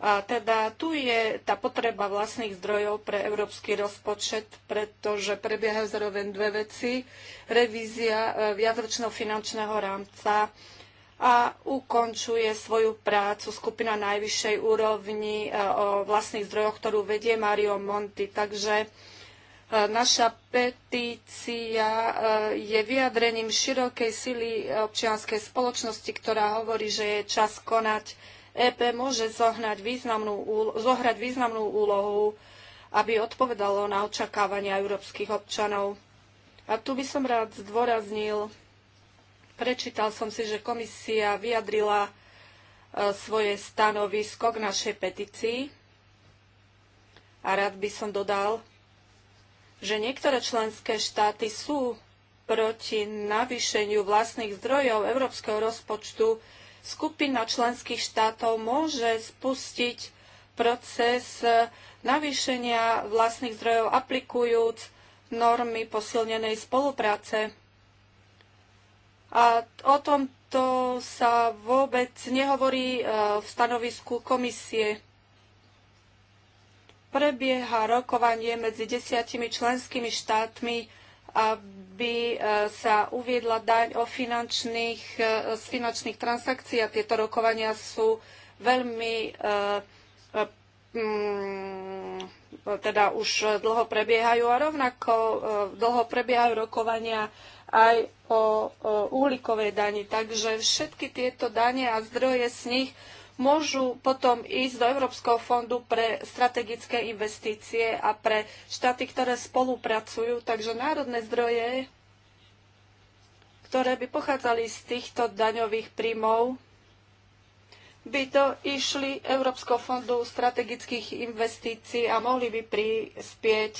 a teda tu je tá potreba vlastných zdrojov pre európsky rozpočet, pretože prebiehajú zároveň dve veci. Revízia e, viacročného finančného rámca a ukončuje svoju prácu skupina najvyššej úrovni e, o vlastných zdrojoch, ktorú vedie Mario Monti. Takže e, naša petícia je vyjadrením širokej sily občianskej spoločnosti, ktorá hovorí, že je čas konať EP môže zohnať významnú zohrať významnú úlohu, aby odpovedalo na očakávania európskych občanov. A tu by som rád zdôraznil, prečítal som si, že komisia vyjadrila e, svoje stanovisko k našej petícii a rád by som dodal, že niektoré členské štáty sú proti navýšeniu vlastných zdrojov európskeho rozpočtu skupina členských štátov môže spustiť proces e, navýšenia vlastných zdrojov aplikujúc normy posilnenej spolupráce. A o tomto sa vôbec nehovorí e, v stanovisku komisie. Prebieha rokovanie medzi desiatimi členskými štátmi aby e, sa uviedla daň o finančných, e, z finančných transakcií a tieto rokovania sú veľmi e, mm, teda už dlho prebiehajú a rovnako dlho prebiehajú rokovania aj o, o uhlíkovej dani. Takže všetky tieto dane a zdroje z nich môžu potom ísť do Európskeho fondu pre strategické investície a pre štáty, ktoré spolupracujú. Takže národné zdroje, ktoré by pochádzali z týchto daňových príjmov, by to išli Európskeho fondu strategických investícií a mohli by prispieť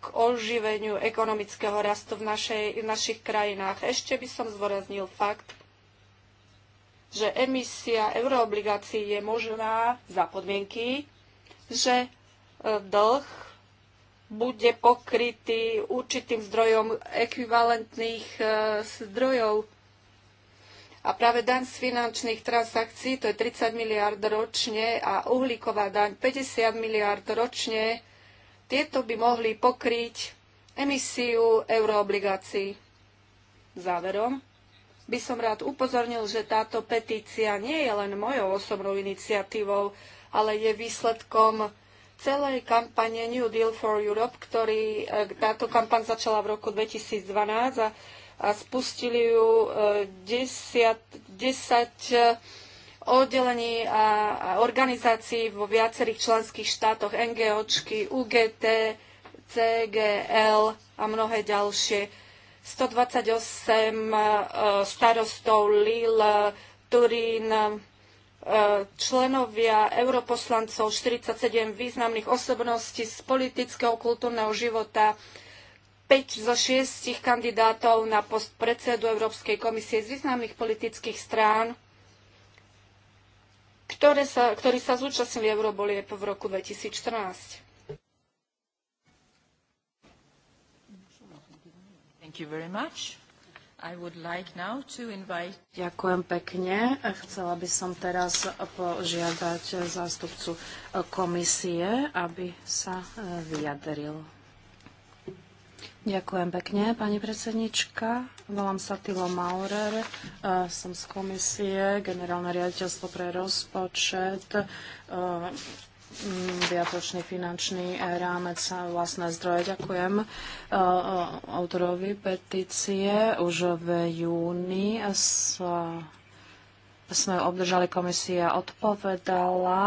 k oživeniu ekonomického rastu v, našej, v našich krajinách. Ešte by som zvoraznil fakt, že emisia euroobligácií je možná za podmienky, že e, dlh bude pokrytý určitým zdrojom ekvivalentných e, zdrojov. A práve daň z finančných transakcií, to je 30 miliard ročne, a uhlíková daň 50 miliard ročne, tieto by mohli pokryť emisiu euroobligácií. Záverom, by som rád upozornil, že táto petícia nie je len mojou osobnou iniciatívou, ale je výsledkom celej kampane New Deal for Europe, ktorý, e, táto kampaň začala v roku 2012 a, a spustili ju 10, e, 10 e, oddelení a organizácií vo viacerých členských štátoch, NGOčky, UGT, CGL a mnohé ďalšie. 128 e, starostov Lille, Turín, e, členovia europoslancov, 47 významných osobností z politického kultúrneho života, 5 zo 6 kandidátov na post predsedu Európskej komisie z významných politických strán, ktoré sa, ktorí sa zúčastnili Eurobolieb v roku 2014. Thank you very much. I would like now to invite... Ďakujem pekne. Chcela by som teraz požiadať zástupcu komisie, aby sa e, vyjadril. Ďakujem pekne, pani predsednička. Volám sa Tilo Maurer, e, som z komisie, generálne riaditeľstvo pre rozpočet e, Mm, viacročný finančný eh, rámec a vlastné zdroje. Ďakujem eh, eh, autorovi petície. Už v júni sme obdržali, komisia odpovedala.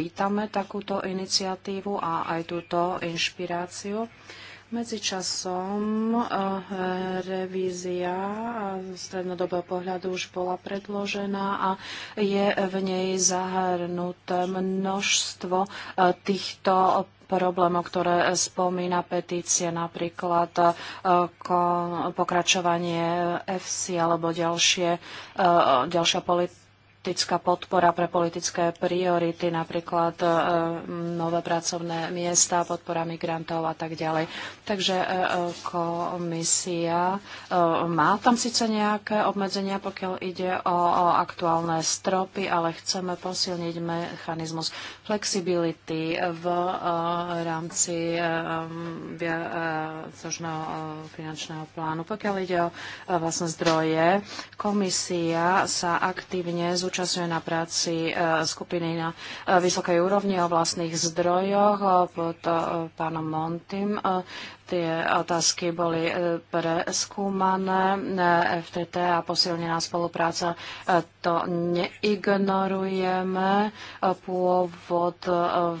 Vítame takúto iniciatívu a aj túto inšpiráciu. Medzičasom eh, revízia eh, strednodobého pohľadu už bola predložená a je v nej zahrnuté množstvo eh, týchto problémov, ktoré spomína petície, napríklad pokračovanie FC alebo ďalšie, ďalšia politika politická podpora pre politické priority, napríklad e, nové pracovné miesta, podpora migrantov a tak ďalej. Takže e, e, komisia má tam síce nejaké obmedzenia, pokiaľ ide o, aktuálne stropy, ale chceme posilniť mechanizmus flexibility v rámci finančného plánu. Pokiaľ ide o vlastne zdroje, komisia sa aktívne zúčastňuje zúčastňuje na práci e, skupiny na e, vysokej úrovni o vlastných zdrojoch e, pod pánom Montim. Tie otázky boli e, preskúmané. E, FTT a posilnená spolupráca e, to neignorujeme. Pôvod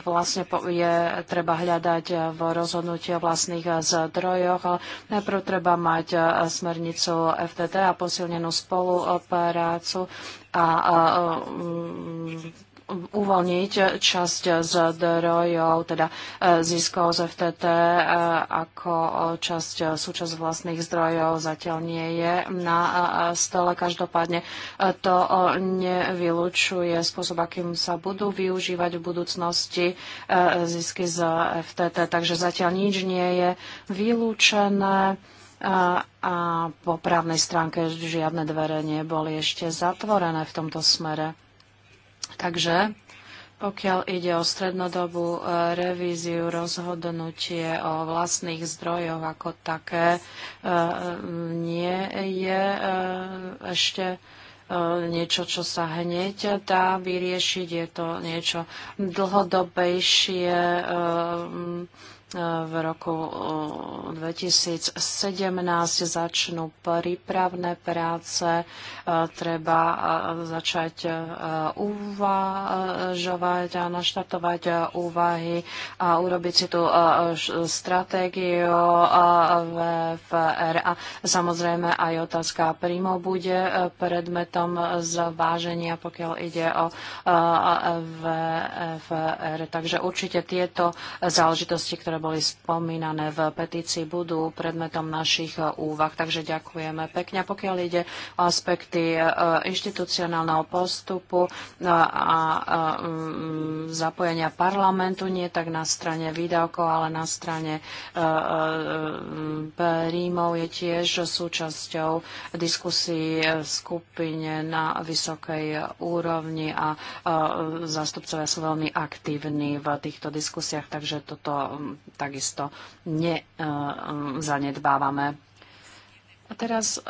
vlastne je treba hľadať v rozhodnutí o vlastných zdrojoch. Najprv treba mať smernicu FTT a posilnenú spoluprácu a uvoľniť časť z zdrojov, teda e, ziskov z FTT e, ako časť súčasť vlastných zdrojov zatiaľ nie je na e, stole. Každopádne to nevylučuje spôsob, akým sa budú využívať v budúcnosti zisky z FTT, takže zatiaľ nič nie je vylúčené a po právnej stránke žiadne dvere neboli ešte zatvorené v tomto smere. Takže pokiaľ ide o strednodobú e, revíziu, rozhodnutie o vlastných zdrojoch ako také e, e, nie je ešte niečo, čo sa hneď dá vyriešiť. Je to niečo dlhodobejšie v roku 2017 eh, začnú prípravné práce, eh, treba eh, začať uvažovať a naštartovať úvahy a urobiť si tú stratégiu VFR. A samozrejme aj otázka príjmov bude predmetom zváženia, pokiaľ ide o VFR. Takže určite tieto záležitosti, ktoré boli spomínané v petícii, budú predmetom našich eh, úvah. Takže ďakujeme pekne. Pokiaľ ide o aspekty eh, inštitucionálneho postupu eh, a mm, zapojenia parlamentu, nie tak na strane výdavkov, ale na strane príjmov je tiež súčasťou diskusí v skupine na vysokej úrovni a zastupcovia sú veľmi aktívni v týchto diskusiách, takže toto mm, takisto nezanedbávame. E, a teraz e,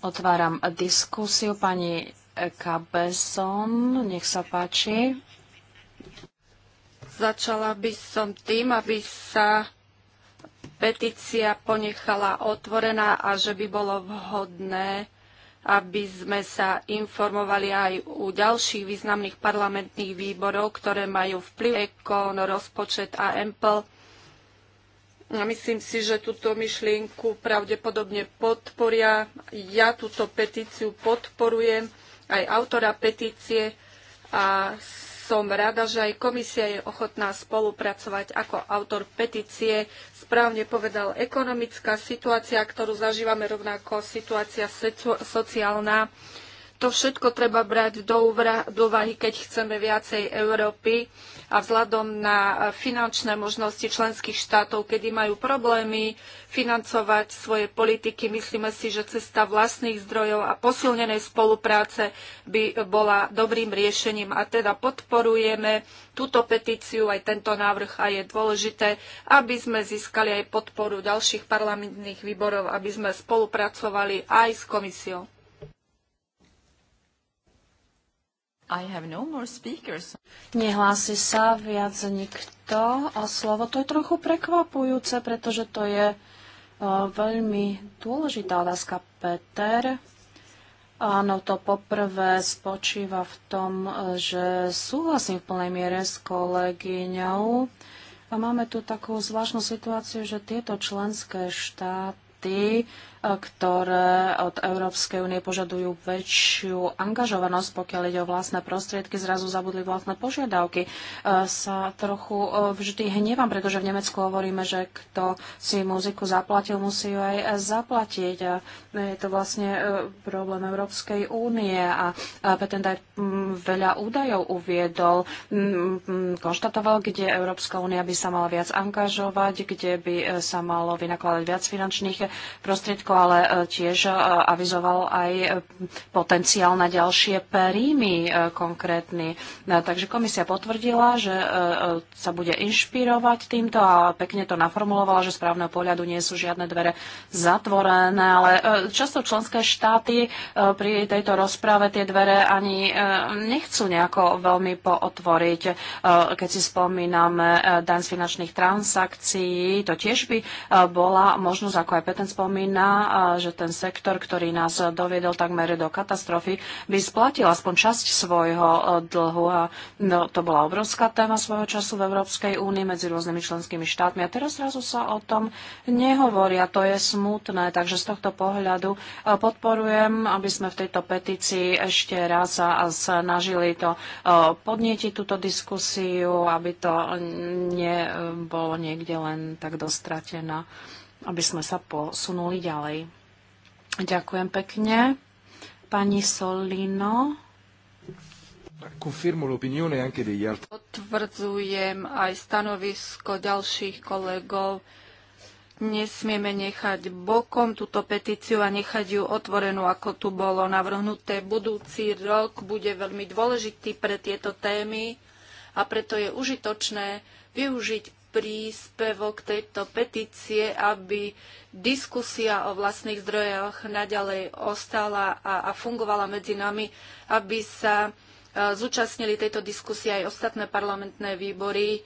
otváram diskusiu. Pani Kabeson, nech sa páči. Začala by som tým, aby sa petícia ponechala otvorená a že by bolo vhodné, aby sme sa informovali aj u ďalších významných parlamentných výborov, ktoré majú vplyv ekon, rozpočet a EMPL, Myslím si, že túto myšlienku pravdepodobne podporia. Ja túto petíciu podporujem, aj autora petície a som rada, že aj komisia je ochotná spolupracovať. Ako autor petície správne povedal, ekonomická situácia, ktorú zažívame rovnako, situácia sociálna, to všetko treba brať do úvahy, keď chceme viacej Európy a vzhľadom na finančné možnosti členských štátov, kedy majú problémy financovať svoje politiky, myslíme si, že cesta vlastných zdrojov a posilnenej spolupráce by bola dobrým riešením. A teda podporujeme túto petíciu, aj tento návrh a je dôležité, aby sme získali aj podporu ďalších parlamentných výborov, aby sme spolupracovali aj s komisiou. I have no more speakers. Nehlási sa viac nikto o slovo. To je trochu prekvapujúce, pretože to je e, veľmi dôležitá otázka, Peter. Áno, to poprvé spočíva v tom, e, že súhlasím v plnej miere s kolegyňou. A máme tu takú zvláštnu situáciu, že tieto členské štáty štáty, e, ktoré od Európskej únie požadujú väčšiu angažovanosť, pokiaľ ide o vlastné prostriedky, zrazu zabudli vlastné požiadavky. E, sa trochu e, vždy hnievam, pretože v Nemecku hovoríme, že kto si muziku zaplatil, musí ju aj zaplatiť. A je to vlastne problém Európskej únie a Petent aj veľa údajov uviedol, konštatoval, kde Európska únia by sa mala viac angažovať, kde by sa malo vynakladať viac finančných prostriedkov, ale e, tiež e, avizoval aj e, potenciál na ďalšie príjmy konkrétny. Takže komisia potvrdila, že sa bude inšpirovať týmto a pekne to naformulovala, že z právneho pohľadu nie sú žiadne dvere zatvorené, ale často členské štáty pri tejto rozprave tie dvere ani nechcú nejako veľmi pootvoriť. Keď si spomíname daň z finančných transakcií, to tiež by bola možnosť ako aj ten spomína, že ten sektor, ktorý nás doviedol takmer do katastrofy, by splatil aspoň časť svojho e, dlhu. A no, to bola obrovská téma svojho času v Európskej únii medzi rôznymi členskými štátmi. A teraz zrazu sa o tom nehovoria. To je smutné. Takže z tohto pohľadu e, podporujem, aby sme v tejto petícii ešte raz snažili to e, podnietiť túto diskusiu, aby to nebolo niekde len tak dostratená aby sme sa posunuli ďalej. Ďakujem pekne. Pani Solino. Potvrdzujem aj stanovisko ďalších kolegov. Nesmieme nechať bokom túto petíciu a nechať ju otvorenú, ako tu bolo navrhnuté. Budúci rok bude veľmi dôležitý pre tieto témy a preto je užitočné využiť príspevok tejto petície, aby diskusia o vlastných zdrojoch naďalej ostala a, a fungovala medzi nami, aby sa e, zúčastnili tejto diskusie aj ostatné parlamentné výbory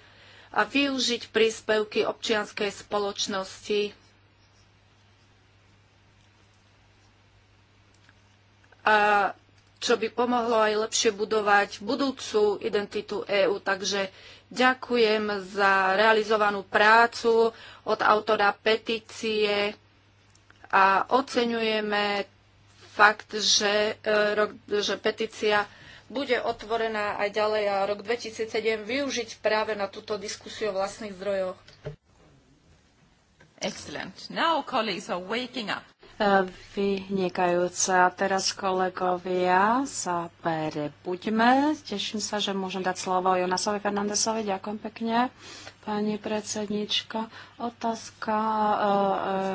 a využiť príspevky občianskej spoločnosti. A čo by pomohlo aj lepšie budovať budúcu identitu EÚ. Takže ďakujem za realizovanú prácu od autora petície a oceňujeme fakt, že, e, že petícia bude otvorená aj ďalej a rok 2007 využiť práve na túto diskusiu o vlastných zdrojoch. Excellent. Now colleagues are waking up vynikajúce. A teraz, kolegovia, sa prebuďme. Teším sa, že môžem dať slovo Jonasovi Fernandesovi. Ďakujem pekne pani predsednička. Otázka eh,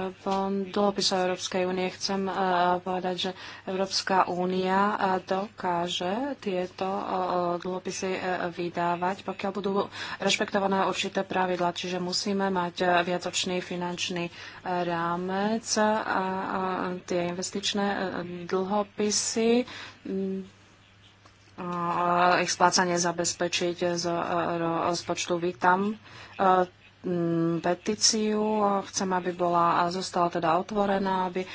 eh, dlhopisu Európskej únie. Chcem eh, povedať, že Európska únia dokáže tieto dlhopisy vydávať, pokiaľ budú rešpektované určité pravidla. Čiže musíme mať viacočný finančný rámec a tie investičné dlhopisy mm, ich splácanie zabezpečiť z e, rozpočtu. Vítam e, Mm, petíciu. Chcem, aby bola a zostala teda otvorená, aby e,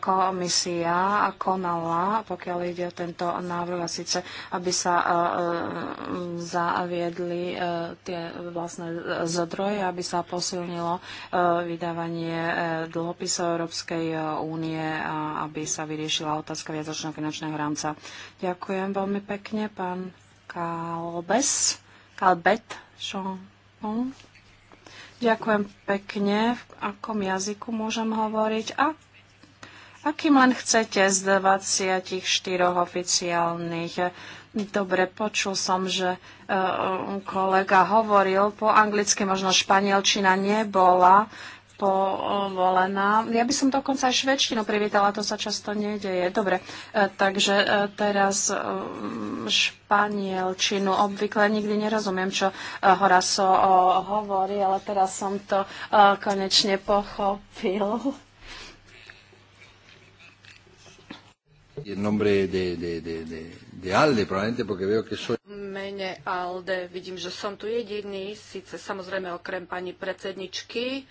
komisia konala, pokiaľ ide o tento návrh a síce, aby sa e, e, zaviedli tie vlastné zdroje, aby sa posilnilo vydávanie dlhopisov Európskej únie a aby sa vyriešila otázka viacročného finančného rámca. Ďakujem veľmi pekne, pán Kalbes. Kalbet, Jean. Ďakujem pekne. V akom jazyku môžem hovoriť? A akým len chcete z 24 oficiálnych. Dobre, počul som, že e, um, kolega hovoril po anglicky, možno španielčina nebola povolená. Ja by som dokonca aj švedčinu privítala, to sa často nedeje. Dobre, e, takže e, teraz e, španielčinu. Obvykle nikdy nerozumiem, čo Horaso hovorí, ale teraz som to konečne pochopil. El nombre de, de, de, de, de Alde, probablemente porque veo que soy... Mene Alde, vidím, že som tu jediný, síce samozrejme okrem pani predsedničky,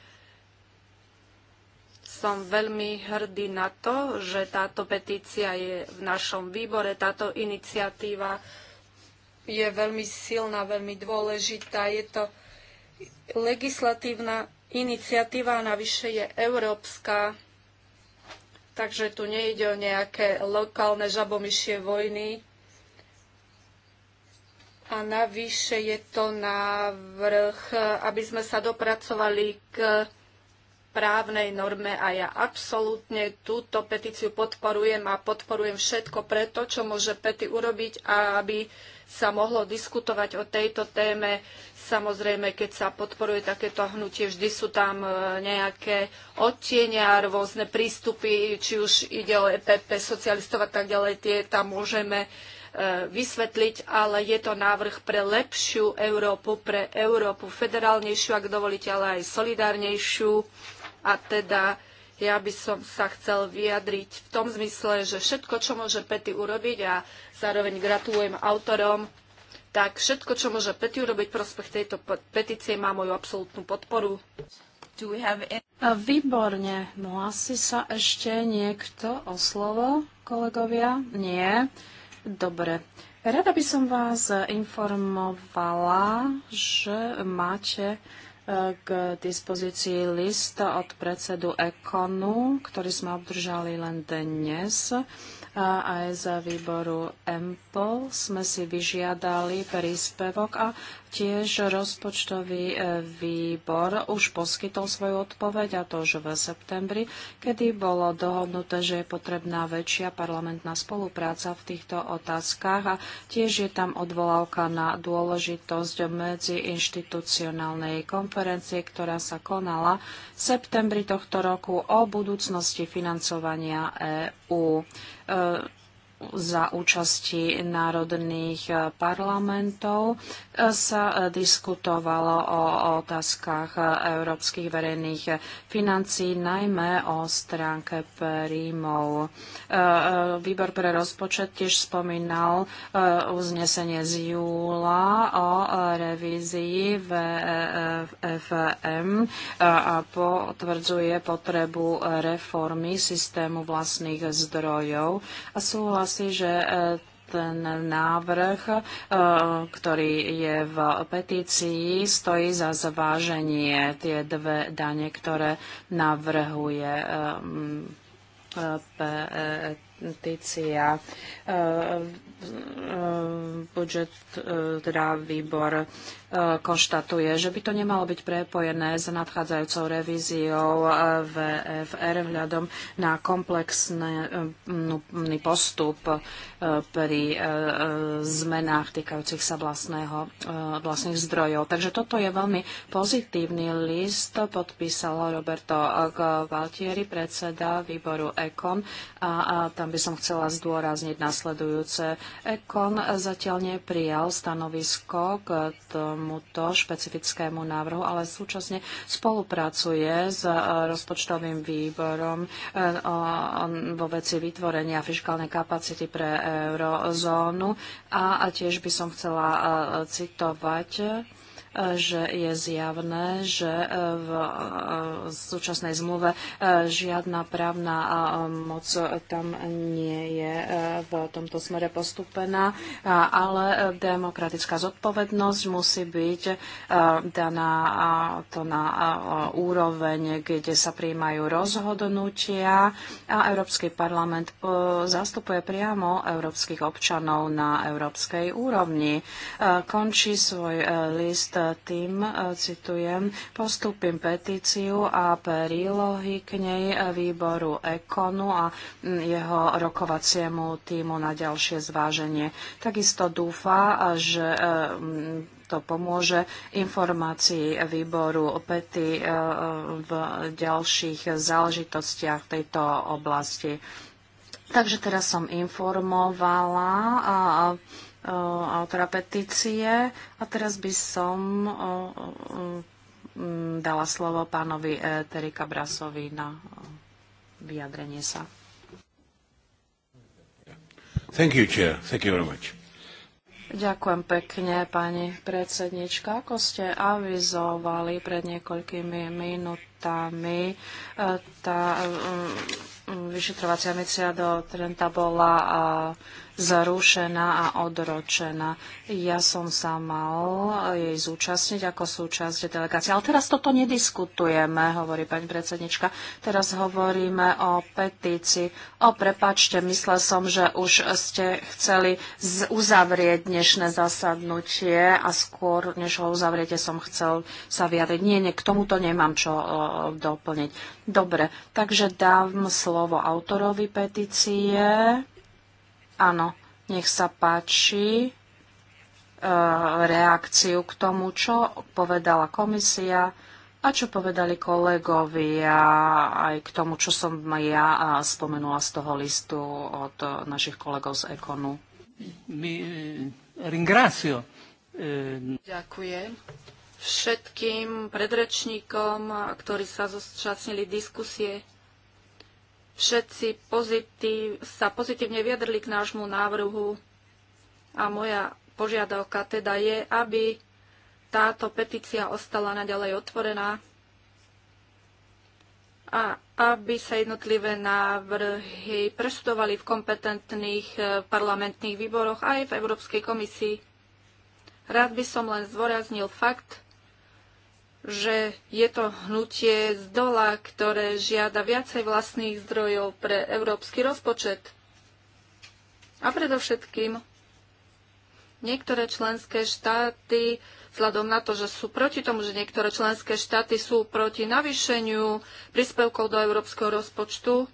som veľmi hrdý na to, že táto petícia je v našom výbore, táto iniciatíva je veľmi silná, veľmi dôležitá. Je to legislatívna iniciatíva, navyše je európska, takže tu nejde o nejaké lokálne žabomyšie vojny. A navyše je to návrh, aby sme sa dopracovali k právnej norme a ja absolútne túto petíciu podporujem a podporujem všetko preto, čo môže Pety urobiť a aby sa mohlo diskutovať o tejto téme. Samozrejme, keď sa podporuje takéto hnutie, vždy sú tam e, nejaké odtienia, rôzne prístupy, či už ide o EPP, socialistov a tak ďalej, tie tam môžeme e, vysvetliť, ale je to návrh pre lepšiu Európu, pre Európu federálnejšiu, ak dovolíte, ale aj solidárnejšiu. A teda ja by som sa chcel vyjadriť v tom zmysle, že všetko, čo môže Pety urobiť a zároveň gratulujem autorom, tak všetko, čo môže Pety urobiť prospech tejto petície, má moju absolútnu podporu. Výborne. Hlasí no, sa ešte niekto o slovo, kolegovia? Nie. Dobre. Rada by som vás informovala, že máte k dispozícii list od predsedu Ekonu, ktorý sme obdržali len dnes. A aj za výboru EMPL sme si vyžiadali príspevok a Tiež rozpočtový e, výbor už poskytol svoju odpoveď, a to už v septembri, kedy bolo dohodnuté, že je potrebná väčšia parlamentná spolupráca v týchto otázkach a tiež je tam odvolávka na dôležitosť medziinštitucionálnej konferencie, ktorá sa konala v septembri tohto roku o budúcnosti financovania EÚ za účasti národných eh, parlamentov eh, sa eh, diskutovalo o otázkach európskych verejných financí, najmä o stránke príjmov. Výbor pre rozpočet tiež spomínal uznesenie z júla o revízii v e, e, FM a potvrdzuje potrebu reformy systému vlastných zdrojov a súhlas si, že e, ten návrh, e, ktorý je v petícii, stojí za zváženie tie dve dane, ktoré navrhuje e, petícia E, budžet, e, teda výbor e, konštatuje, že by to nemalo byť prepojené s nadchádzajúcou revíziou VFR vľadom na komplexný postup pri zmenách týkajúcich sa vlastného, vlastných zdrojov. Takže toto je veľmi pozitívny list, podpísal Roberto Valtieri, predseda výboru EKON a, a tam by som chcela zdôrazniť nasledujúce Ekon zatiaľ neprijal stanovisko k tomuto špecifickému návrhu, ale súčasne spolupracuje s e, rozpočtovým výborom e, vo veci vytvorenia fiskálnej kapacity pre eurozónu a tiež by som chcela e, citovať že je zjavné, že e, e, v súčasnej zmluve e, žiadna právna moc tam nie je v tomto smere postúpená, ale demokratická zodpovednosť musí byť daná to na úroveň, kde sa príjmajú rozhodnutia a Európsky parlament zastupuje priamo európskych občanov na európskej úrovni. Končí svoj list tým, e, citujem, postupím petíciu a prílohy k nej výboru Ekonu a jeho rokovaciemu týmu na ďalšie zváženie. Takisto dúfa, že e, to pomôže informácii výboru pety e, v ďalších záležitostiach tejto oblasti. Takže teraz som informovala Eh, autora petície. A teraz by som eh, eh, mm, dala slovo pánovi Terika Brasovi na vyjadrenie sa. Thank you, Chair. Thank you very much. Ďakujem pekne, pani predsednička. Ako ste avizovali pred niekoľkými minutami, tá mm, vyšetrovacia misia do Trenta bola zrušená a odročená. Ja som sa mal jej zúčastniť ako súčasť delegácie. Ale teraz toto nediskutujeme, hovorí pani predsednička. Teraz hovoríme o petícii. O, prepačte, myslel som, že už ste chceli uzavrieť dnešné zasadnutie a skôr, než ho uzavriete, som chcel sa vyjadriť. Nie, nie, k tomuto nemám čo uh, doplniť. Dobre, takže dám slovo autorovi petície. Áno, nech sa páči e, reakciu k tomu, čo povedala komisia a čo povedali kolegovia aj k tomu, čo som ja spomenula z toho listu od našich kolegov z Ekonu. Eh, eh, Ďakujem všetkým predrečníkom, ktorí sa zúčastnili diskusie všetci pozitív, sa pozitívne vyjadrili k nášmu návrhu a moja požiadavka teda je, aby táto petícia ostala naďalej otvorená a aby sa jednotlivé návrhy preštudovali v kompetentných eh, parlamentných výboroch aj v Európskej komisii. Rád by som len zvoraznil fakt, že je to hnutie z dola, ktoré žiada viacej vlastných zdrojov pre európsky rozpočet. A predovšetkým niektoré členské štáty, vzhľadom na to, že sú proti tomu, že niektoré členské štáty sú proti navýšeniu príspevkov do európskeho rozpočtu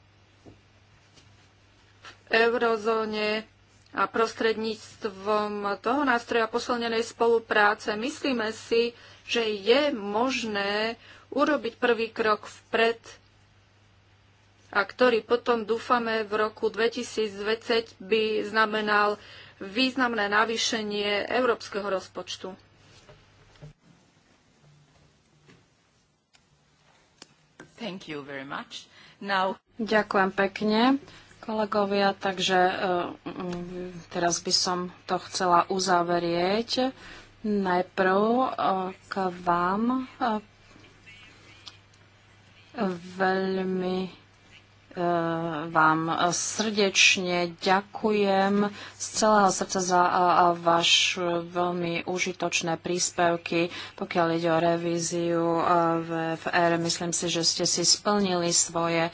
v eurozóne a prostredníctvom toho nástroja posilnenej spolupráce, myslíme si, že je možné urobiť prvý krok vpred a ktorý potom dúfame v roku 2020 by znamenal významné navýšenie európskeho rozpočtu. Thank you very much. Now... Ďakujem pekne, kolegovia. Takže eh, teraz by som to chcela uzavrieť. Najprv eh, k vám eh, veľmi E, vám srdečne ďakujem z celého srdca za váš veľmi užitočné príspevky. Pokiaľ ide o revíziu e, v FR, myslím si, že ste si splnili svoje e,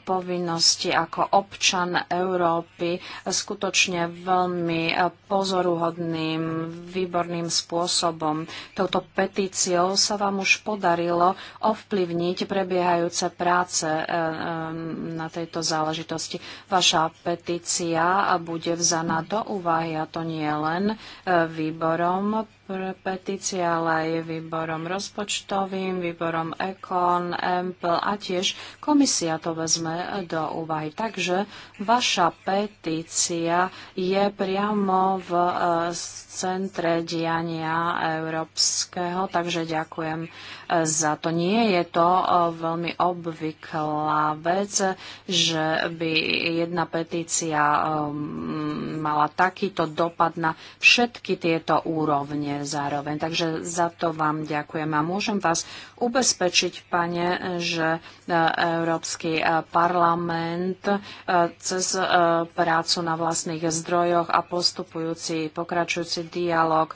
povinnosti ako občan Európy skutočne veľmi pozoruhodným, výborným spôsobom. Touto petíciou sa vám už podarilo ovplyvniť prebiehajúce práce na tejto záležitosti. Vaša petícia bude vzaná do úvahy, a to nie len e, výborom Petícia, ale aj výborom rozpočtovým, výborom EKON, EMPL a tiež komisia to vezme do úvahy. Takže vaša petícia je priamo v e, centre diania európskeho, takže ďakujem e, za to. Nie je to e, veľmi obvyklá vec, že by jedna petícia mala takýto dopad na všetky tieto úrovne zároveň. Takže za to vám ďakujem a môžem vás ubezpečiť, pane, že e, Európsky e, parlament e, cez prácu na vlastných zdrojoch a postupujúci, pokračujúci dialog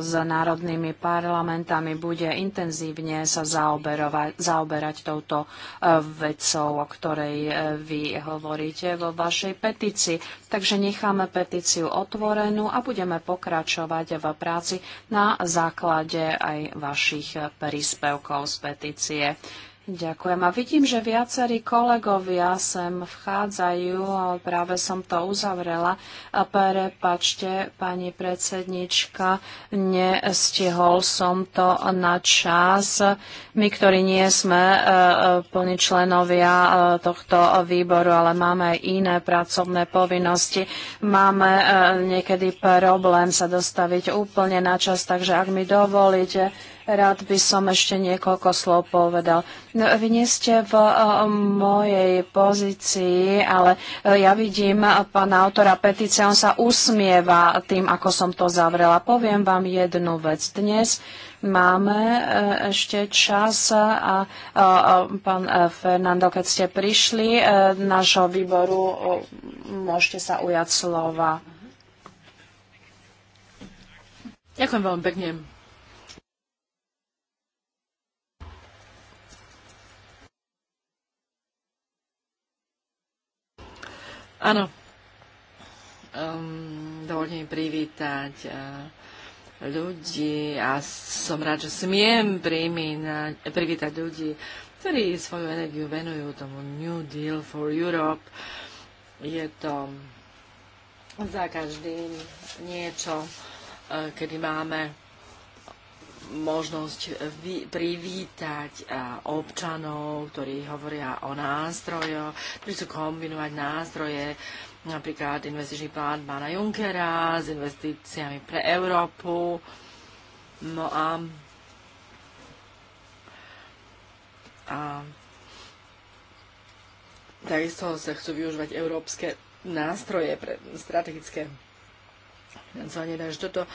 s národnými parlamentami bude intenzívne sa zaoberovať, zaoberať touto vecou, o ktorej vy hovoríte vo vašej petícii. Takže necháme petíciu otvorenú a budeme pokračovať v práci na základe aj vašich príspevkov z petície. Ďakujem. A vidím, že viacerí kolegovia sem vchádzajú, ale práve som to uzavrela. A prepačte, pani predsednička, nestihol som to na čas. My, ktorí nie sme e, e, plní členovia e, tohto výboru, ale máme aj iné pracovné povinnosti, máme niekedy problém sa dostaviť úplne na čas, takže ak mi dovolíte, rád by som ešte niekoľko slov povedal. No, vy nie ste v eh, mojej pozícii, ale eh, ja vidím eh, pána autora petície, on sa usmieva tým, ako som to zavrela. Poviem vám jednu vec. Dnes máme ešte čas a, a, a pán Fernando, keď ste prišli nášho výboru, môžete sa ujať slova. Ďakujem veľmi pekne. Áno, um, dovolte mi privítať uh, ľudí a som rád, že smiem primínať, privítať ľudí, ktorí svoju energiu venujú tomu New Deal for Europe. Je to za každým niečo, uh, kedy máme možnosť vy, privítať eh, občanov, ktorí hovoria o nástrojoch, ktorí chcú kombinovať nástroje, napríklad investičný plán pána Junckera s investíciami pre Európu. No a, a takisto sa chcú využívať európske nástroje pre strategické financovanie. Takže toto e,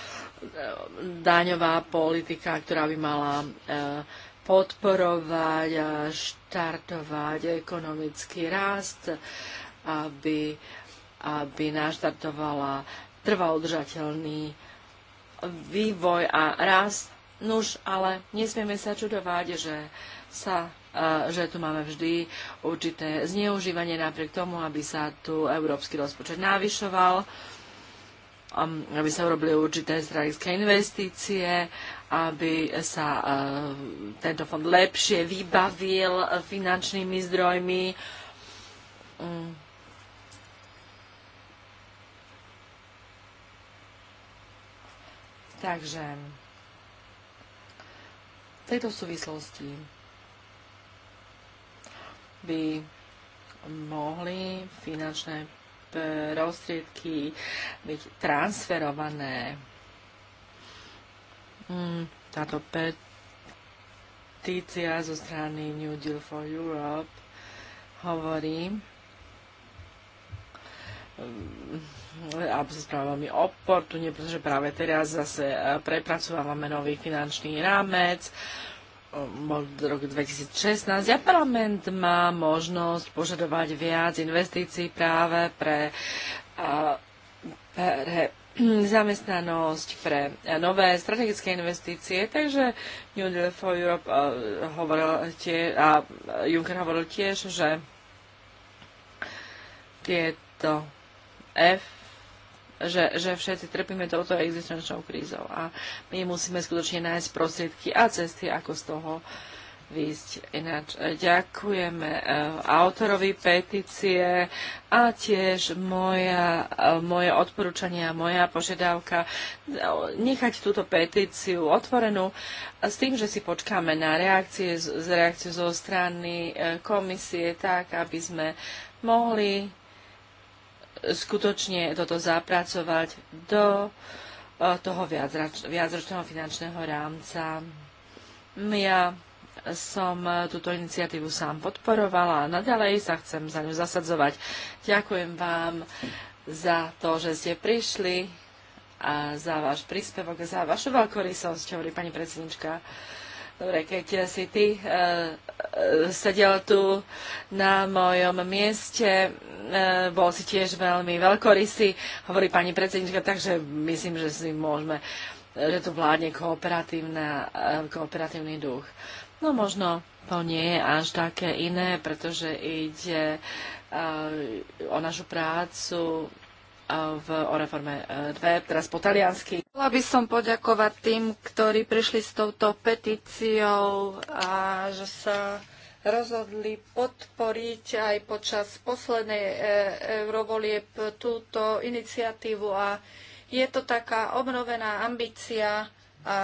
daňová politika, ktorá by mala e, podporovať a štartovať ekonomický rast, aby, aby naštartovala trvalodržateľný vývoj a rast. Nuž, ale nesmieme sa čudovať, že sa e, že tu máme vždy určité zneužívanie napriek tomu, aby sa tu európsky rozpočet navyšoval. Um, aby sa urobili určité strategické investície, aby sa uh, tento fond lepšie vybavil finančnými zdrojmi. Mm. Takže v tejto súvislosti by mohli finančné prostriedky byť transferované. Mm, táto petícia zo strany New Deal for Europe hovorí, mm, alebo sa správa veľmi oportunne, pretože práve teraz zase e, prepracovávame nový finančný rámec bol rok 2016 a parlament má možnosť požadovať viac investícií práve pre, pre zamestnanosť, pre nové strategické investície. Takže New Deal for Europe hovoril tiež, a Juncker hovoril tiež, že tieto F že, že všetci trpíme touto existenčnou krízou a my musíme skutočne nájsť prostriedky a cesty, ako z toho výjsť. Ináč ďakujeme eh, autorovi petície a tiež moja, eh, moje odporúčania, moja požiadavka eh, nechať túto petíciu otvorenú s tým, že si počkáme na reakcie, z reakciu zo strany komisie tak, aby sme mohli skutočne toto zapracovať do eh, toho viacročného finančného rámca. Ja som eh, túto iniciatívu sám podporovala a naďalej sa chcem za ňu zasadzovať. Ďakujem vám za to, že ste prišli a za váš príspevok, za vašu veľkorysosť, hovorí pani predsednička. Dobre, keď si ty uh, sedel tu na mojom mieste, uh, bol si tiež veľmi veľkorysý, hovorí pani predsednička, takže myslím, že si môžeme, že tu vládne kooperatívna kooperatívny duch. No možno to nie je až také iné, pretože ide o našu prácu v, o reforme 2, e, teraz po taliansky. Chcela by som poďakovať tým, ktorí prišli s touto petíciou a že sa rozhodli podporiť aj počas poslednej e, eurovolieb túto iniciatívu a je to taká obnovená ambícia a, a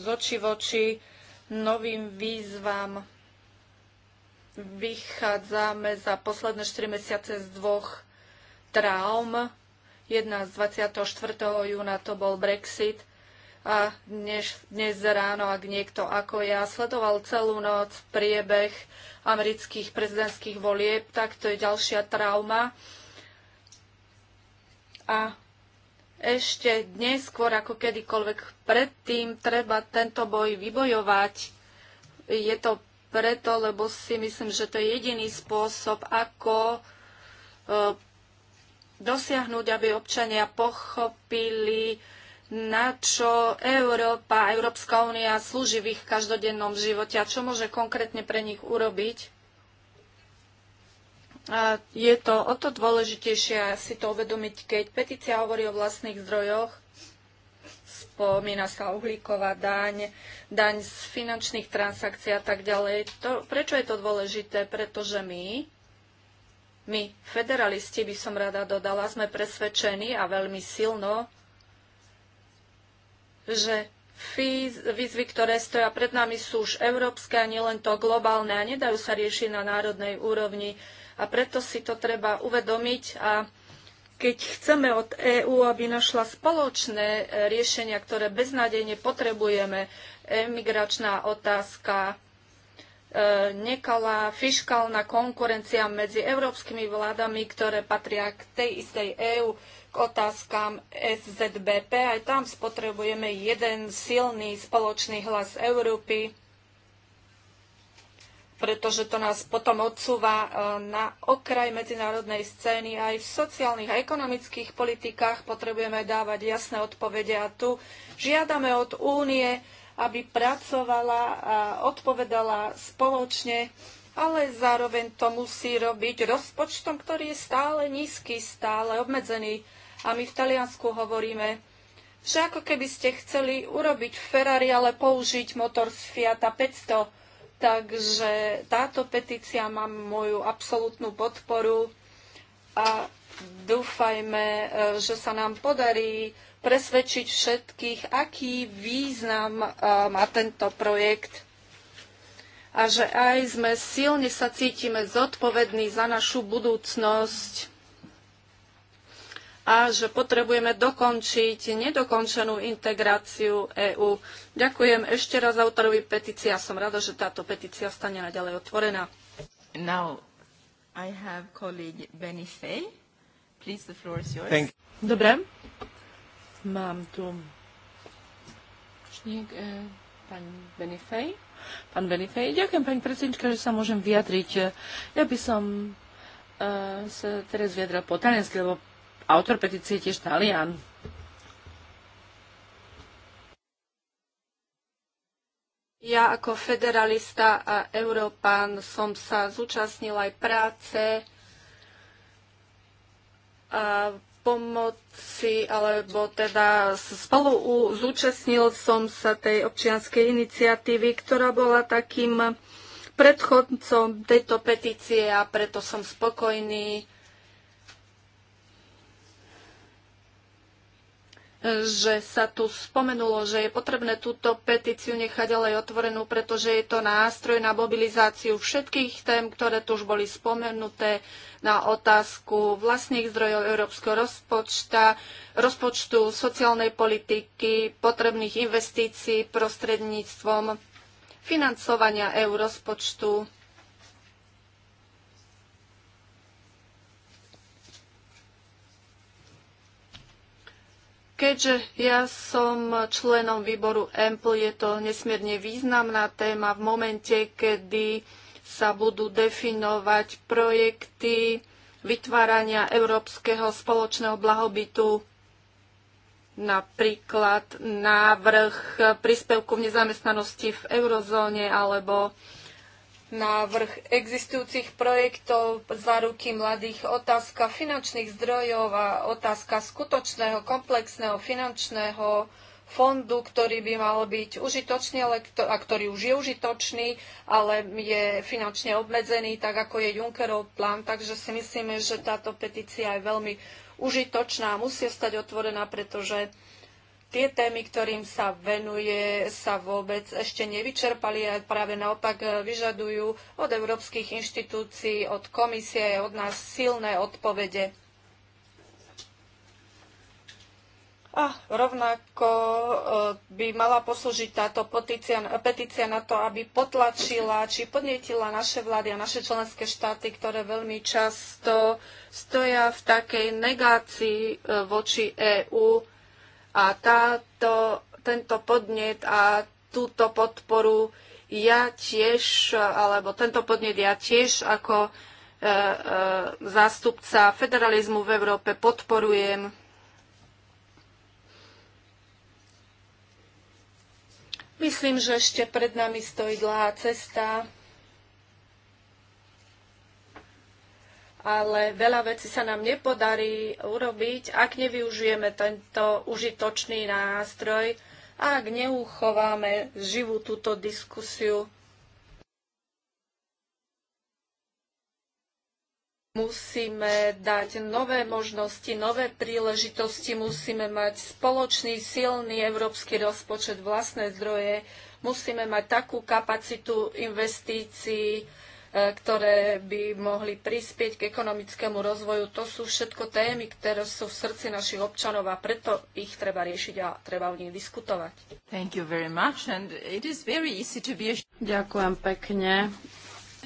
z oči voči novým výzvam vychádzame za posledné 4 mesiace z dvoch traum. Jedna z 24. júna to bol Brexit a dnes, dnes ráno, ak niekto ako ja sledoval celú noc priebeh amerických prezidentských volieb, tak to je ďalšia trauma. A ešte dnes, skôr ako kedykoľvek predtým, treba tento boj vybojovať. Je to preto, lebo si myslím, že to je jediný spôsob, ako e, dosiahnuť, aby občania pochopili, na čo Európa, Európska únia slúži v ich každodennom živote a čo môže konkrétne pre nich urobiť. A je to o to dôležitejšie si to uvedomiť, keď petícia hovorí o vlastných zdrojoch, spomína sa uhlíková daň, daň z finančných transakcií a tak ďalej. To, prečo je to dôležité? Pretože my my, federalisti, by som rada dodala, sme presvedčení a veľmi silno, že výzvy, ktoré stoja pred nami, sú už európske a nielen to globálne a nedajú sa riešiť na národnej úrovni. A preto si to treba uvedomiť a keď chceme od EÚ, aby našla spoločné e, riešenia, ktoré beznádejne potrebujeme, emigračná otázka, E, nekalá fiškálna konkurencia medzi európskymi vládami, ktoré patria k tej istej EÚ, k otázkam SZBP. Aj tam spotrebujeme jeden silný spoločný hlas Európy, pretože to nás potom odsúva e, na okraj medzinárodnej scény. Aj v sociálnych a ekonomických politikách potrebujeme dávať jasné odpovede a tu žiadame od únie, aby pracovala a odpovedala spoločne, ale zároveň to musí robiť rozpočtom, ktorý je stále nízky, stále obmedzený. A my v Taliansku hovoríme, že ako keby ste chceli urobiť Ferrari, ale použiť motor z Fiata 500. Takže táto petícia má moju absolútnu podporu a dúfajme, e, že sa nám podarí presvedčiť všetkých, aký význam e, má tento projekt a že aj sme silne sa cítime zodpovední za našu budúcnosť a že potrebujeme dokončiť nedokončenú integráciu EÚ. Ďakujem ešte raz autorovi petície a som rada, že táto petícia stane naďalej otvorená. Now I have colleague Please, the floor is yours. Dobre, Mám tu niek- e, eh, pán Benifej. Pán Benifej, ďakujem pani predsednička, že sa môžem vyjadriť. Ja by som e, sa teraz vyjadril po taliansky, lebo autor petície je tiež talian. Ja ako federalista a európán som sa zúčastnila aj práce a pomoci, alebo teda spolu zúčastnil som sa tej občianskej iniciatívy, ktorá bola takým predchodcom tejto petície a preto som spokojný že sa tu spomenulo, že je potrebné túto petíciu nechať ďalej otvorenú, pretože je to nástroj na mobilizáciu všetkých tém, ktoré tu už boli spomenuté na otázku vlastných zdrojov európskeho rozpočta, rozpočtu sociálnej politiky, potrebných investícií prostredníctvom financovania EU rozpočtu Keďže ja som členom výboru EMPL, je to nesmierne významná téma v momente, kedy sa budú definovať projekty vytvárania európskeho spoločného blahobytu, napríklad návrh príspevku v nezamestnanosti v eurozóne alebo návrh existujúcich projektov, záruky mladých, otázka finančných zdrojov a otázka skutočného komplexného finančného fondu, ktorý by mal byť užitočný ale, a ktorý už je užitočný, ale je finančne obmedzený, tak ako je Junckerov plán. Takže si myslíme, že táto petícia je veľmi užitočná a musí stať otvorená, pretože tie témy, ktorým sa venuje, sa vôbec ešte nevyčerpali a práve naopak eh, vyžadujú od európskych inštitúcií, od komisie, od nás silné odpovede. A rovnako eh, by mala poslúžiť táto petícia, petícia na to, aby potlačila či podnietila naše vlády a naše členské štáty, ktoré veľmi často stoja v takej negácii eh, voči EÚ a táto, tento podnet a túto podporu ja tiež, alebo tento podnet ja tiež ako e, e, zástupca federalizmu v Európe podporujem. Myslím, že ešte pred nami stojí dlhá cesta ale veľa vecí sa nám nepodarí urobiť, ak nevyužijeme tento užitočný nástroj a ak neuchováme živú túto diskusiu. Musíme dať nové možnosti, nové príležitosti, musíme mať spoločný, silný európsky rozpočet, vlastné zdroje, musíme mať takú kapacitu investícií, Eh, ktoré by mohli prispieť k ekonomickému rozvoju. To sú všetko témy, ktoré sú v srdci našich občanov a preto ich treba riešiť a treba o nich diskutovať. Be... Ďakujem pekne.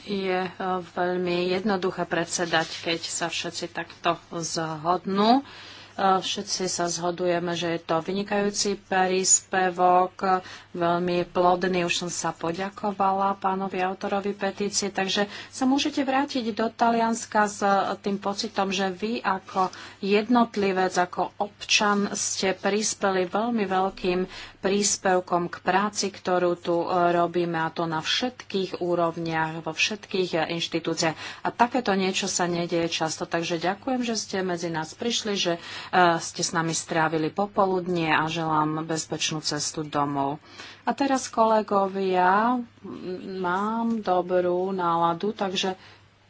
Je eh, veľmi jednoduché predsedať, keď sa všetci takto zhodnú. Všetci sa zhodujeme, že je to vynikajúci príspevok, veľmi plodný. Už som sa poďakovala pánovi autorovi petície, takže sa môžete vrátiť do Talianska s tým pocitom, že vy ako jednotlivec, ako občan ste prispeli veľmi veľkým príspevkom k práci, ktorú tu e, robíme, a to na všetkých úrovniach, vo všetkých e, inštitúciách. A takéto niečo sa nedieje často, takže ďakujem, že ste medzi nás prišli, že e, ste s nami strávili popoludnie a želám bezpečnú cestu domov. A teraz, kolegovia, mám dobrú náladu, takže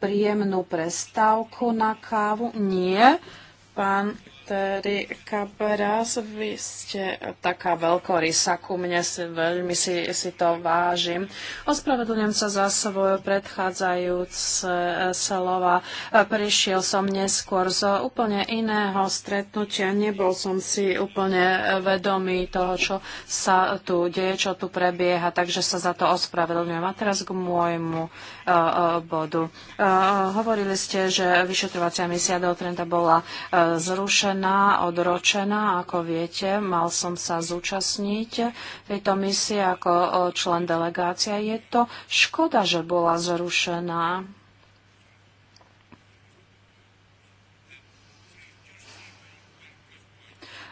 príjemnú prestávku na kávu. Nie, pán Terry Cabras, vy ste taká veľkorysa ku mne, si, veľmi si, si to vážim. Ospravedlňujem sa za svoje predchádzajúce e, slova. E, prišiel som neskôr z úplne iného stretnutia. Nebol som si úplne e, vedomý toho, čo sa tu deje, čo tu prebieha, takže sa za to ospravedlňujem. A teraz k môjmu bodu. hovorili ste, že vyšetrovacia misia do Trenta bola zrušená Ukrajina odročená. Ako viete, mal som sa zúčastniť tejto misie ako e, člen delegácia. Je to škoda, že bola zrušená.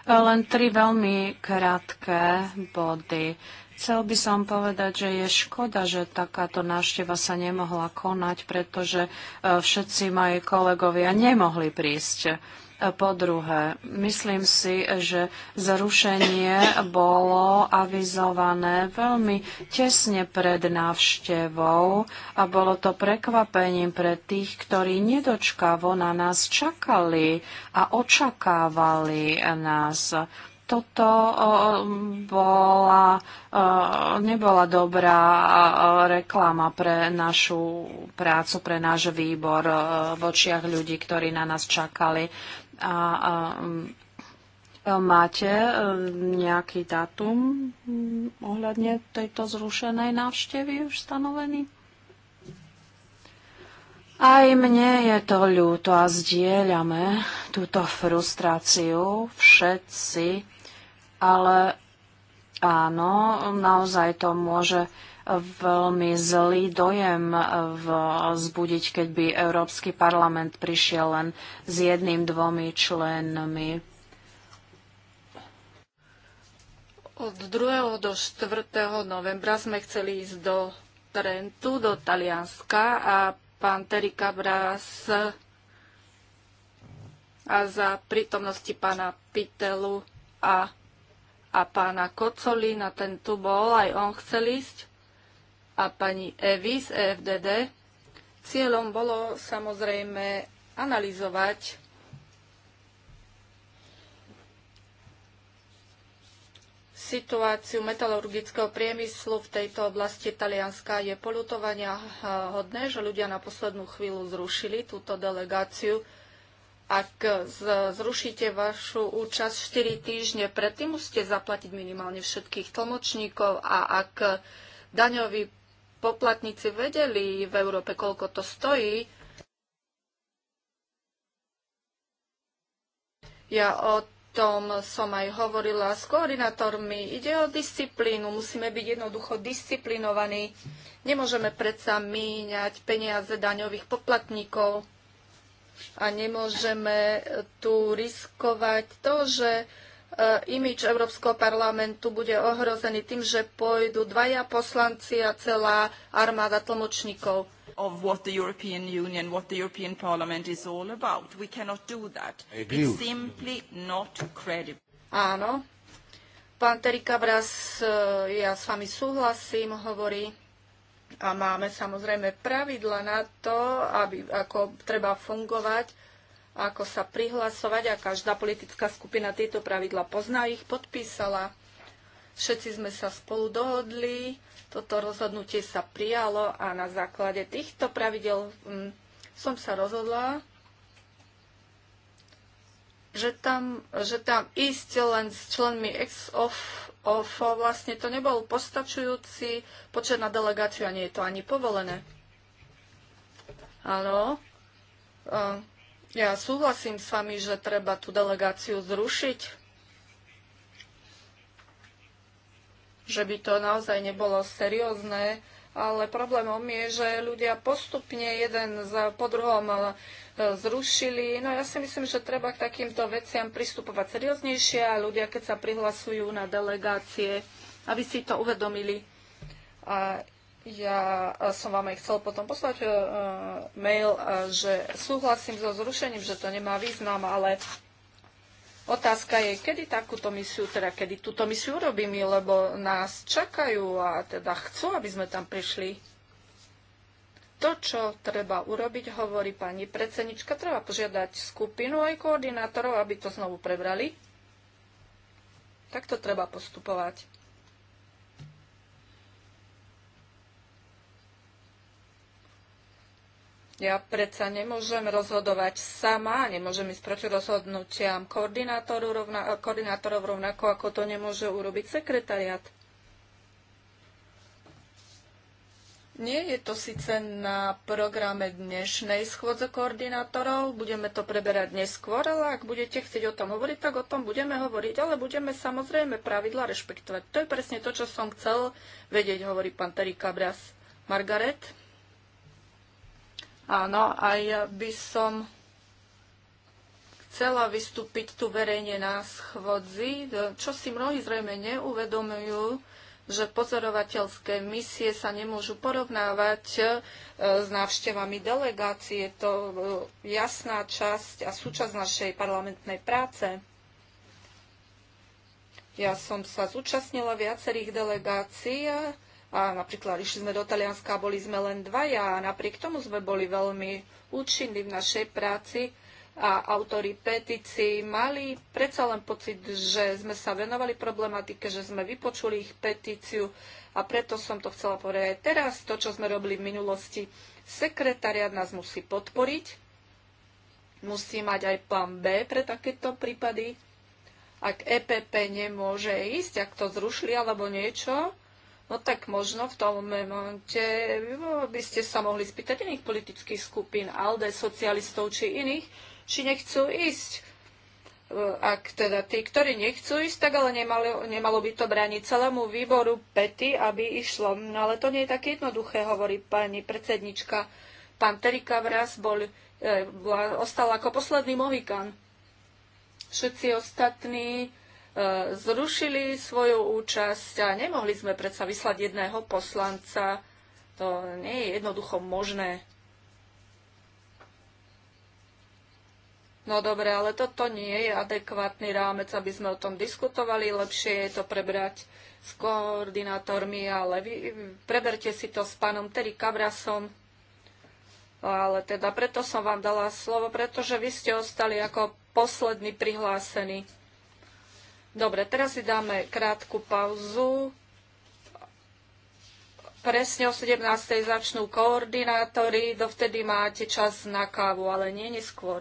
E, len tri veľmi krátke body. Chcel by som povedať, že je škoda, že takáto návšteva sa nemohla konať, pretože e, všetci moji kolegovia nemohli prísť. Po druhé, myslím si, že zrušenie bolo avizované veľmi tesne pred návštevou a bolo to prekvapením pre tých, ktorí nedočkavo na nás čakali a očakávali nás toto bola, nebola dobrá reklama pre našu prácu, pre náš výbor v očiach ľudí, ktorí na nás čakali. A, a mm, máte e, nejaký dátum mm, ohľadne tejto zrušenej návštevy už stanovený? Aj mne je to ľúto a zdieľame túto frustráciu všetci, ale áno, naozaj to môže veľmi zlý dojem vzbudiť, keď by Európsky parlament prišiel len s jedným, dvomi členmi. Od 2. do 4. novembra sme chceli ísť do Trentu, do Talianska a pán Terika Cabras a za prítomnosti pána Pitelu a, a pána kocoli. ten tu bol, aj on chcel ísť a pani Evy z EFDD. Cieľom bolo samozrejme analyzovať situáciu metalurgického priemyslu v tejto oblasti Talianska je polutovania eh, hodné, že ľudia na poslednú chvíľu zrušili túto delegáciu. Ak eh, zrušíte vašu účasť 4 týždne, predtým musíte zaplatiť minimálne všetkých tlmočníkov a ak eh, daňový poplatníci vedeli v Európe, koľko to stojí. Ja o tom som aj hovorila s koordinátormi. Ide o disciplínu, musíme byť jednoducho disciplinovaní. Nemôžeme predsa míňať peniaze daňových poplatníkov a nemôžeme tu riskovať to, že E, imič Európskeho parlamentu bude ohrozený tým, že pôjdu dvaja poslanci a celá armáda tlmočníkov. Of what the European Union, what the European Parliament is all about. We cannot do that. It's simply not credible. Áno. Pán Terika Bras, e, ja s vami súhlasím, hovorí, a máme samozrejme pravidla na to, aby, ako treba fungovať, ako sa prihlasovať a každá politická skupina tieto pravidla pozná, ich podpísala. Všetci sme sa spolu dohodli, toto rozhodnutie sa prijalo a na základe týchto pravidel hm, som sa rozhodla, že tam, že tam ísť len s členmi ex of, of vlastne to nebol postačujúci počet na delegáciu a nie je to ani povolené. Áno, ja súhlasím s vami, že treba tú delegáciu zrušiť, že by to naozaj nebolo seriózne, ale problémom je, že ľudia postupne jeden za, po druhom e, zrušili. No ja si myslím, že treba k takýmto veciam pristupovať serióznejšie a ľudia, keď sa prihlasujú na delegácie, aby si to uvedomili. A ja e, som vám aj chcel potom poslať e, e, mail, že súhlasím so zrušením, že to nemá význam, ale otázka je, kedy takúto misiu, teda kedy túto misiu urobím, lebo nás čakajú a teda chcú, aby sme tam prišli. To, čo treba urobiť, hovorí pani predsednička, treba požiadať skupinu aj koordinátorov, aby to znovu prebrali. Takto treba postupovať. Ja predsa nemôžem rozhodovať sama, nemôžem ísť proti rozhodnutiam koordinátorov, rovna, koordinátorov rovnako, ako to nemôže urobiť sekretariat. Nie je to síce na programe dnešnej schôdze koordinátorov, budeme to preberať neskôr, ale ak budete chcieť o tom hovoriť, tak o tom budeme hovoriť, ale budeme samozrejme pravidla rešpektovať. To je presne to, čo som chcel vedieť, hovorí pán Terry Cabras. Margaret? Áno, a ja by som chcela vystúpiť tu verejne na schvodzi, čo si mnohí zrejme neuvedomujú, že pozorovateľské misie sa nemôžu porovnávať e, s návštevami delegácií. Je to e, jasná časť a súčasť našej parlamentnej práce. Ja som sa zúčastnila viacerých delegácií a napríklad išli sme do Talianska, boli sme len dvaja a napriek tomu sme boli veľmi účinní v našej práci a autori petícií mali predsa len pocit, že sme sa venovali problematike, že sme vypočuli ich petíciu a preto som to chcela povedať aj teraz. To, čo sme robili v minulosti, sekretariat nás musí podporiť, musí mať aj plán B pre takéto prípady. Ak EPP nemôže ísť, ak to zrušili alebo niečo, no tak možno v tom momente by ste sa mohli spýtať iných politických skupín, ALDE, socialistov či iných, či nechcú ísť. Ak teda tí, ktorí nechcú ísť, tak ale nemalo, nemalo by to brániť celému výboru pety, aby išlo. No ale to nie je také jednoduché, hovorí pani predsednička. Pán Terika Vras bol, e, ostal ako posledný Mohikan. Všetci ostatní zrušili svoju účasť a nemohli sme predsa vyslať jedného poslanca. To nie je jednoducho možné. No dobre, ale toto nie je adekvátny rámec, aby sme o tom diskutovali. Lepšie je to prebrať s koordinátormi, ale vy, preberte si to s pánom Terry Kabrasom, Ale teda preto som vám dala slovo, pretože vy ste ostali ako posledný prihlásený. Dobre, teraz si dáme krátku pauzu. Presne o 17. začnú koordinátori, dovtedy máte čas na kávu, ale nie neskôr.